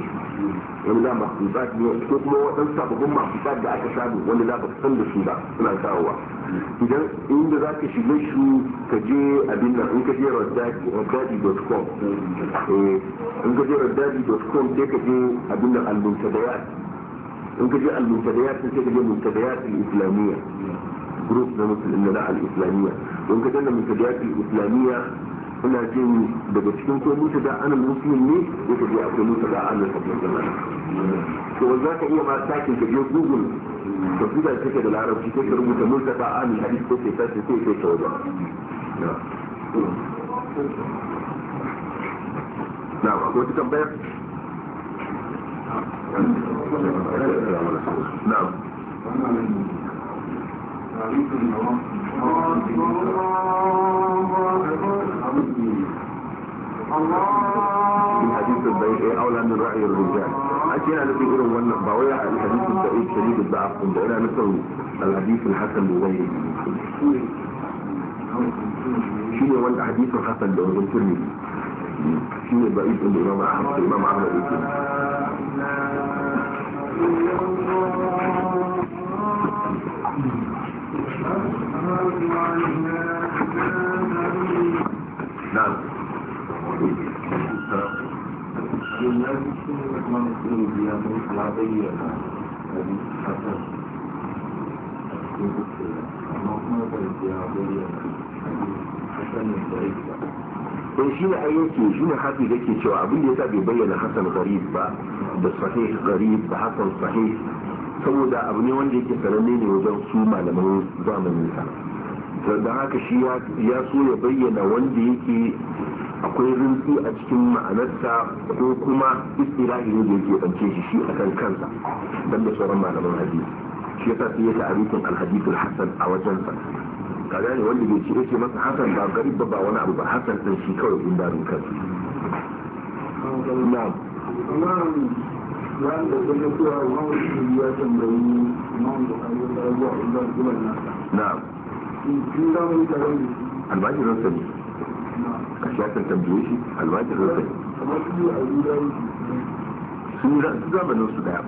wani da makhlukat ne ko kuma waɗansu sababbin makhlukat da aka samu wani da ba su san da su ba suna kawowa idan inda za ka shiga su ka je abin nan in ka je raddadi.com in ka je raddadi.com sai ka je abin nan al-muntabiyat in ka je al-muntabiyat sai ka je muntabiyat al-islamiyya group na musulmi na al-islamiyya in ka je al-muntabiyat al-islamiyya ina jin daga cikin ko mutu da ana musulun ne ya a ko mutu da ana sabbin zamani to za ka iya ma sakin ka je google ka fi da take da larabci ko ka rubuta mutu da ana hadis ko ke sashi ko ke ta wajen na ba wata tambayar na الحديث الضيق اولى من راي الرجال اكيد انا في غير وانا باوي الحديث الضيق شديد الضعف ده انا مثل الحديث الحسن الضيق شنو هو الحديث الحسن ده من الترمذي شنو ضعيف الامام احمد الامام عمرو بن Thank you. نعم sai shi ne ayyuki shi ne hafi da ke cewa abin da ya bai bayyana hasan garib ba da sahih garib da hasan sahih saboda abu ne wanda yake sananne ne wajen su malaman zamanin sa da haka shi ya so ya bayyana wanda yake akwai rintsi a cikin ma'anarsa ko kuma istirahi ne da yake ɗauke shi shi akan kansa don da sauran malaman hadisi shi yasa sai ya ta'arifin alhadisul hasan a wajensa ka ne wanda bai ci yake masa hasan ba garib ba wani abu ba hasan din shi kawai in darin kansa na'am bayan da kuma kuwa ya tambayi imam da da ruwa inda zuwa na in da mun tare da albashi shi albashi su a guda su su zamanin su daya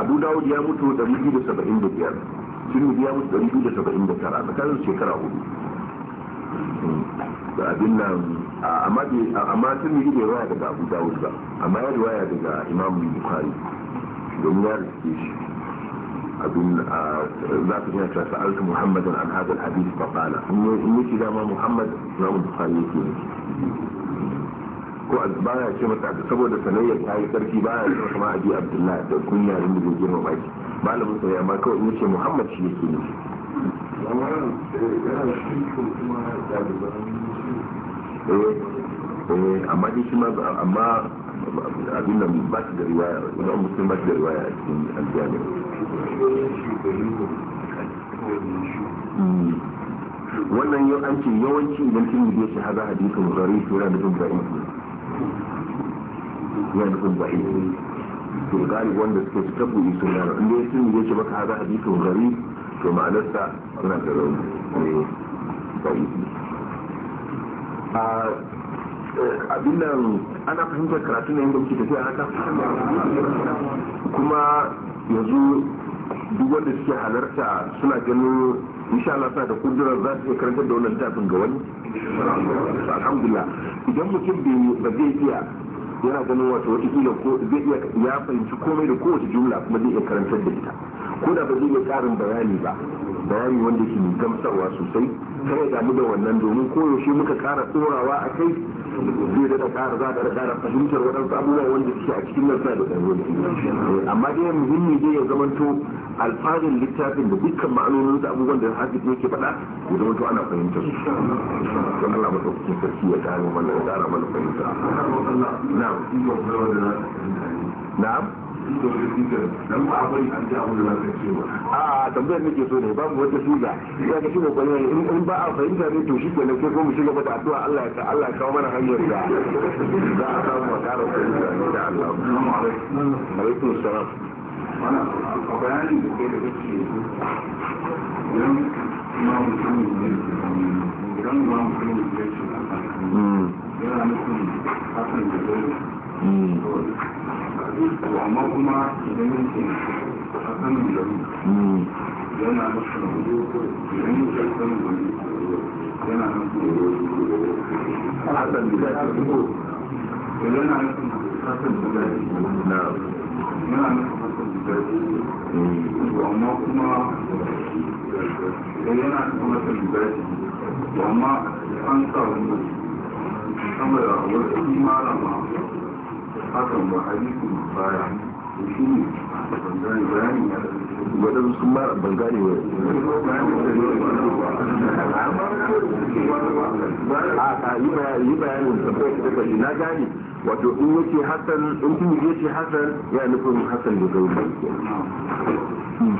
abu dawud ya mutu da mutu da saba'in da biyar shi ya mutu da mutu da saba'in da tara tsakanin shekara hudu hmm. da abin nan amma sun yi riwaya daga abu dawud ba amma ya riwaya daga imam bukhari domin ya rike shi abin za su yana tasa alka muhammadin an haɗa hadisi ba ƙala in yi shi dama muhammad imam bukhari yake ne ko baya ce masa saboda sanayyar ta yi sarki baya ce masa ma abi abdullahi da kunya yin da zai girma baki malamin sa amma kawai in ce muhammad shi yake ne Eh, eh, amma din shi ma amma abin da ba su da riwaya wani an musulun ba su da riwaya a cikin aljami hmm. wannan yau an ce yawanci idan sun yi shi haza hadisi muzari to yana nufin zai yana nufin zai to gari wanda suke su tabu isu yana inda ya kin yi shi maka haza hadisi muzari to ma'anarsa suna da rauni ne eh, zai abin nan ana fahimtar karatu ne yadda kuke tafiya haka kuma yanzu duk wanda suke halarta suna ganin insha Allah suna da kudurar za su iya karanta da wannan littafin ga wani alhamdulillah idan mutum bai ba zai iya yana ganin wato wata ko zai iya ya fahimci komai da kowace jumla kuma zai iya karantar da ita ko da ba zai yi karin bayani ba bayani wanda ke gamsarwa sosai kada ya damu da wannan domin koyaushe muka kara tsorawa a kai zai daɗa kara za a kara fahimtar waɗansu abubuwa wanda suke a cikin nan da ɗan amma dai muhimmi dai ya zamanto alfarin littafin da dukkan ma'anonin da abubuwan da hafi yake faɗa ya zamanto ana fahimtar su don Allah masa kuke sarki ya kare mana ya kara mana fahimta na'am na'am inda wani sigar dan ba a bari an ji abin da za ka ce a tambayar nake so ne babu wata siga ya ga shi ne kwanan in ba a fahimta ne to shi ke nake ko mu shiga mata addu'a Allah ya Allah ya kawo mana hanyar da za a samu a ƙara fahimta ne da Allah assalamu alaikum alaikum salam wannan a bayanin da kai da kake idan ma mutum ne idan ma mutum ne yana nufin hakan da dole amma kuma idan yake a sanin gari yana masu idan yake a gari yana masu a sanin gari yana masu a sanin gari yana masu a gari amma kuma yana masu a sanin gari amma an sa wani sama da wani malama hakan ba hadisin baya shi ne ban gane bayani wadansu sun ba ban gane wa a yi bayanin tambayar da kwashi na gane wato in yake hasan in kuma yake hasan ya nufin hasan da gauri in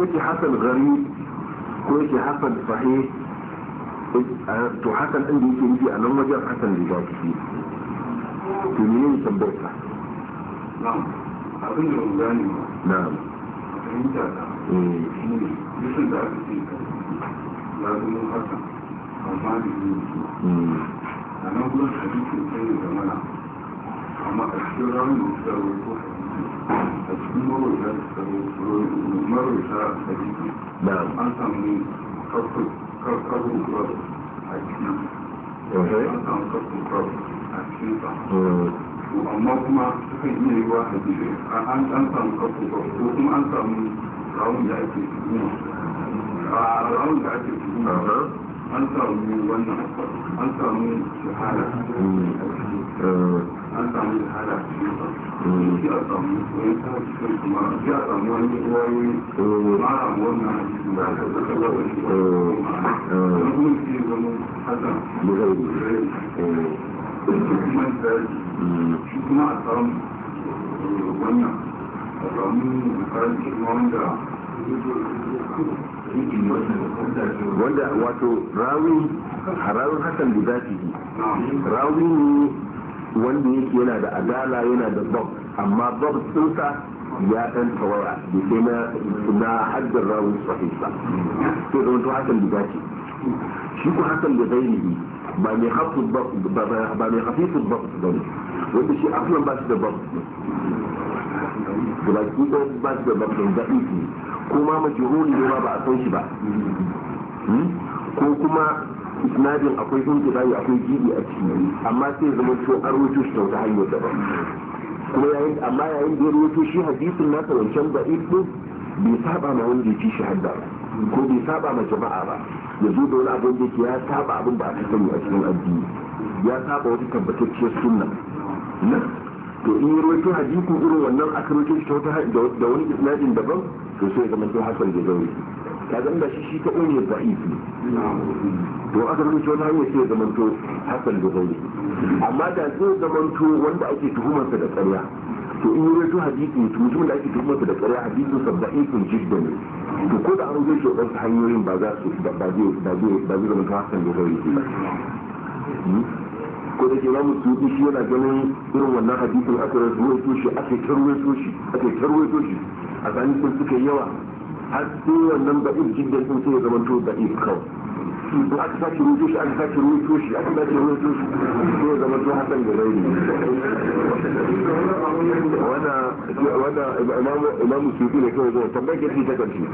yake hasan gari ko yake hasan sahih to hasan din da yake nufi a nan wajen hasan da gauri to ne ne tambayar ka ba na fahimta ta shi ne bisan da aka ce a nan zamana amma a cikin a cikin da a cikin a amma kuma sukan iya yi wa a an an samu kafu ko kuma an samu rawun da ake a rawun da ake tuhuma an samu wannan an samu shahada an samu shahada shi a samu wani sahihin kuma shi a samu wani wani mara wannan da aka zaka wani ma'ana kuma wanda wato rawi a hassan da guda rawin rawi ne wanda yake yana da adala yana da bob amma bob tsinsa ya ɗan tawaya da sai na haddar rawin sahisa ba zama to Hassan da guda shi ku hasan da zainihi ba mai hafifu ba ne wanda shi afiyan ba shi da su da baki ɗaya ba shi da babu da ɗiki ko ma roli ne ma ba a san shi ba hmm? ko kuma isnadin akwai injibayi akwai gidi a ciki amma sai zama cewa an rutu shi ta wata hanyar daban kuma yayin amma yayin da ya rutu shi hadisin nasa wancan da ɗin bai saba ma wanda ya fi shi ko bai saba ma jama'a ba ya zo da wani abin da ke ya saba abin da aka sani a cikin addini ya saba wata tabbatacciyar sunna to in rawaito hadisi irin wannan aka rawaito shi da wani isnadin daban to sai ga manzo hasan da zauri ka zan da shi shi ta ne da'ifi to aka rawaito wani hanyar sai ga manzo hasan da zauri amma da zai ga manto wanda ake tuhumarsa da tsariya. to in yi rato hadisi mutumin da ake tuhumar da ƙarya hadisin sa da ikon jidda ne to ko da an rubuta shi wadansu hanyoyin ba za su ba zai zama ta da gauri ba hmm? ko da ke ba mu tuɗi shi yana ganin irin wannan hadisin aka rawaito shi aka karwaito shi aka karwaito shi a tsanin sun suka yawa har sai wannan ba'ir jidda sun sai ya zama to ba'ir kawai أثبت الوجوش أثبت الوجوش أثبت الوجوش هذا مجروحة جميلة وأنا وأنا الإمام الإمام السيوطي لكي يقول طب ما كده في سكن فيه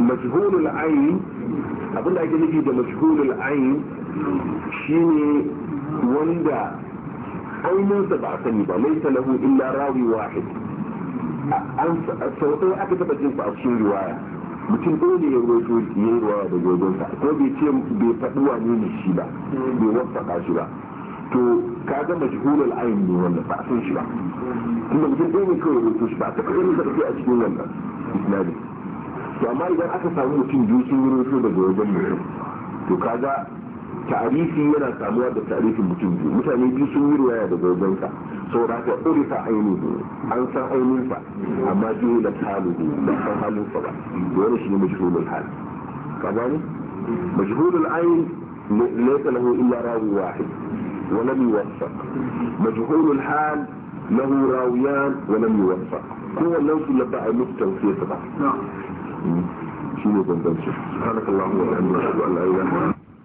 مجهول العين abin da ake nufi da mashhulul ayn shine wanda ainihinsa ba a sani ba laisa lahu illa rawi wahid sau ɗaya aka taɓa jin a cikin riwaya mutum ɗaya ne ya roto ya yi riwaya da gogonsa ko bai ce bai faɗi wani ne shi ba bai wasaka shi ba to ka ga majhulul ayin ne wannan ba san shi ba kuma mutum ɗaya ne kawai roto shi ba ta kaɗai ne a cikin wannan isnadi to amma idan aka samu mutum biyu sun yi roto daga wajen mutum to kaga ta'arifi yana samuwa da ta'arifin mutum biyu mutane biyu sun yi riwaya daga wajensa saboda haka urifa ainihi an san ainihinsa amma biyu na talibi ba san halinsa ba wani shi ne majhulul hal ka gani majhulul ain laysa lahu illa rawi wahid wa lam yuwaffaq majhulul hal lahu rawiyan wa lam yuwaffaq kowannen su labba a mutan sai su ba shi ne bambanci subhanakallahumma wa bihamdika ashhadu an la ilaha illa anta